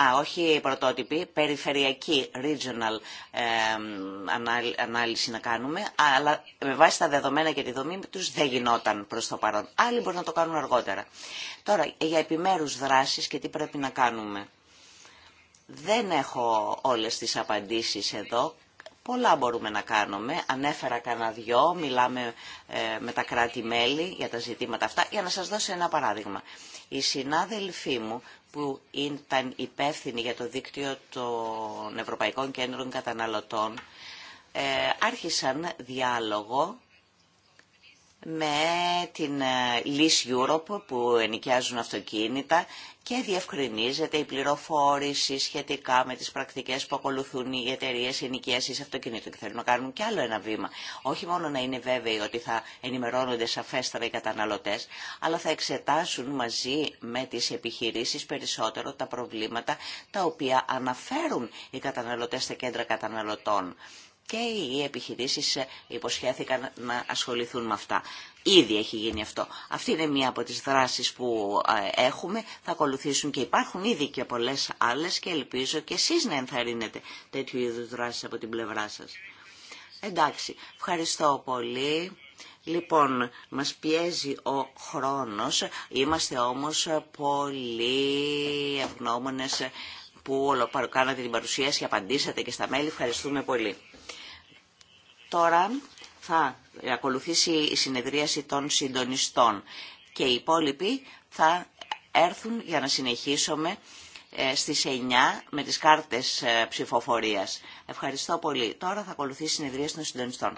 S1: Α, όχι πρωτότυπη, περιφερειακή, regional ε, ανάλυση να κάνουμε, αλλά με βάση τα δεδομένα και τη δομή τους δεν γινόταν προς το παρόν. Άλλοι μπορούν να το κάνουν αργότερα. Τώρα, για επιμέρους δράσεις και τι πρέπει να κάνουμε. Δεν έχω όλες τις απαντήσεις εδώ. Πολλά μπορούμε να κάνουμε. Ανέφερα κανένα δυο, μιλάμε ε, με τα κράτη-μέλη για τα ζητήματα αυτά. Για να σας δώσω ένα παράδειγμα. Οι συνάδελφοί μου που ήταν υπεύθυνοι για το δίκτυο των Ευρωπαϊκών Κέντρων Καταναλωτών ε, άρχισαν διάλογο με την ε, Lease Europe που ενοικιάζουν αυτοκίνητα και διευκρινίζεται η πληροφόρηση σχετικά με τις πρακτικές που ακολουθούν οι εταιρείε ενοικίασης αυτοκινήτων και θέλουν να κάνουν κι άλλο ένα βήμα. Όχι μόνο να είναι βέβαιοι ότι θα ενημερώνονται σαφέστερα οι καταναλωτές, αλλά θα εξετάσουν μαζί με τις επιχειρήσεις περισσότερο τα προβλήματα τα οποία αναφέρουν οι καταναλωτές στα κέντρα καταναλωτών και οι επιχειρήσεις ε, υποσχέθηκαν να ασχοληθούν με αυτά. Ήδη έχει γίνει αυτό. Αυτή είναι μία από τις δράσεις που ε, έχουμε, θα ακολουθήσουν και υπάρχουν ήδη και πολλές άλλες και ελπίζω και εσείς να ενθαρρύνετε τέτοιου είδους δράσεις από την πλευρά σας. Εντάξει, ευχαριστώ πολύ. Λοιπόν, μας πιέζει ο χρόνος, είμαστε όμως πολύ ευγνώμονες που κάνατε την παρουσίαση απαντήσατε και στα μέλη. Ευχαριστούμε πολύ. Τώρα θα ακολουθήσει η συνεδρίαση των συντονιστών και οι υπόλοιποι θα έρθουν για να συνεχίσουμε ε, στις 9 με τις κάρτες ε, ψηφοφορίας. Ευχαριστώ πολύ. Τώρα θα ακολουθήσει η συνεδρίαση των συντονιστών.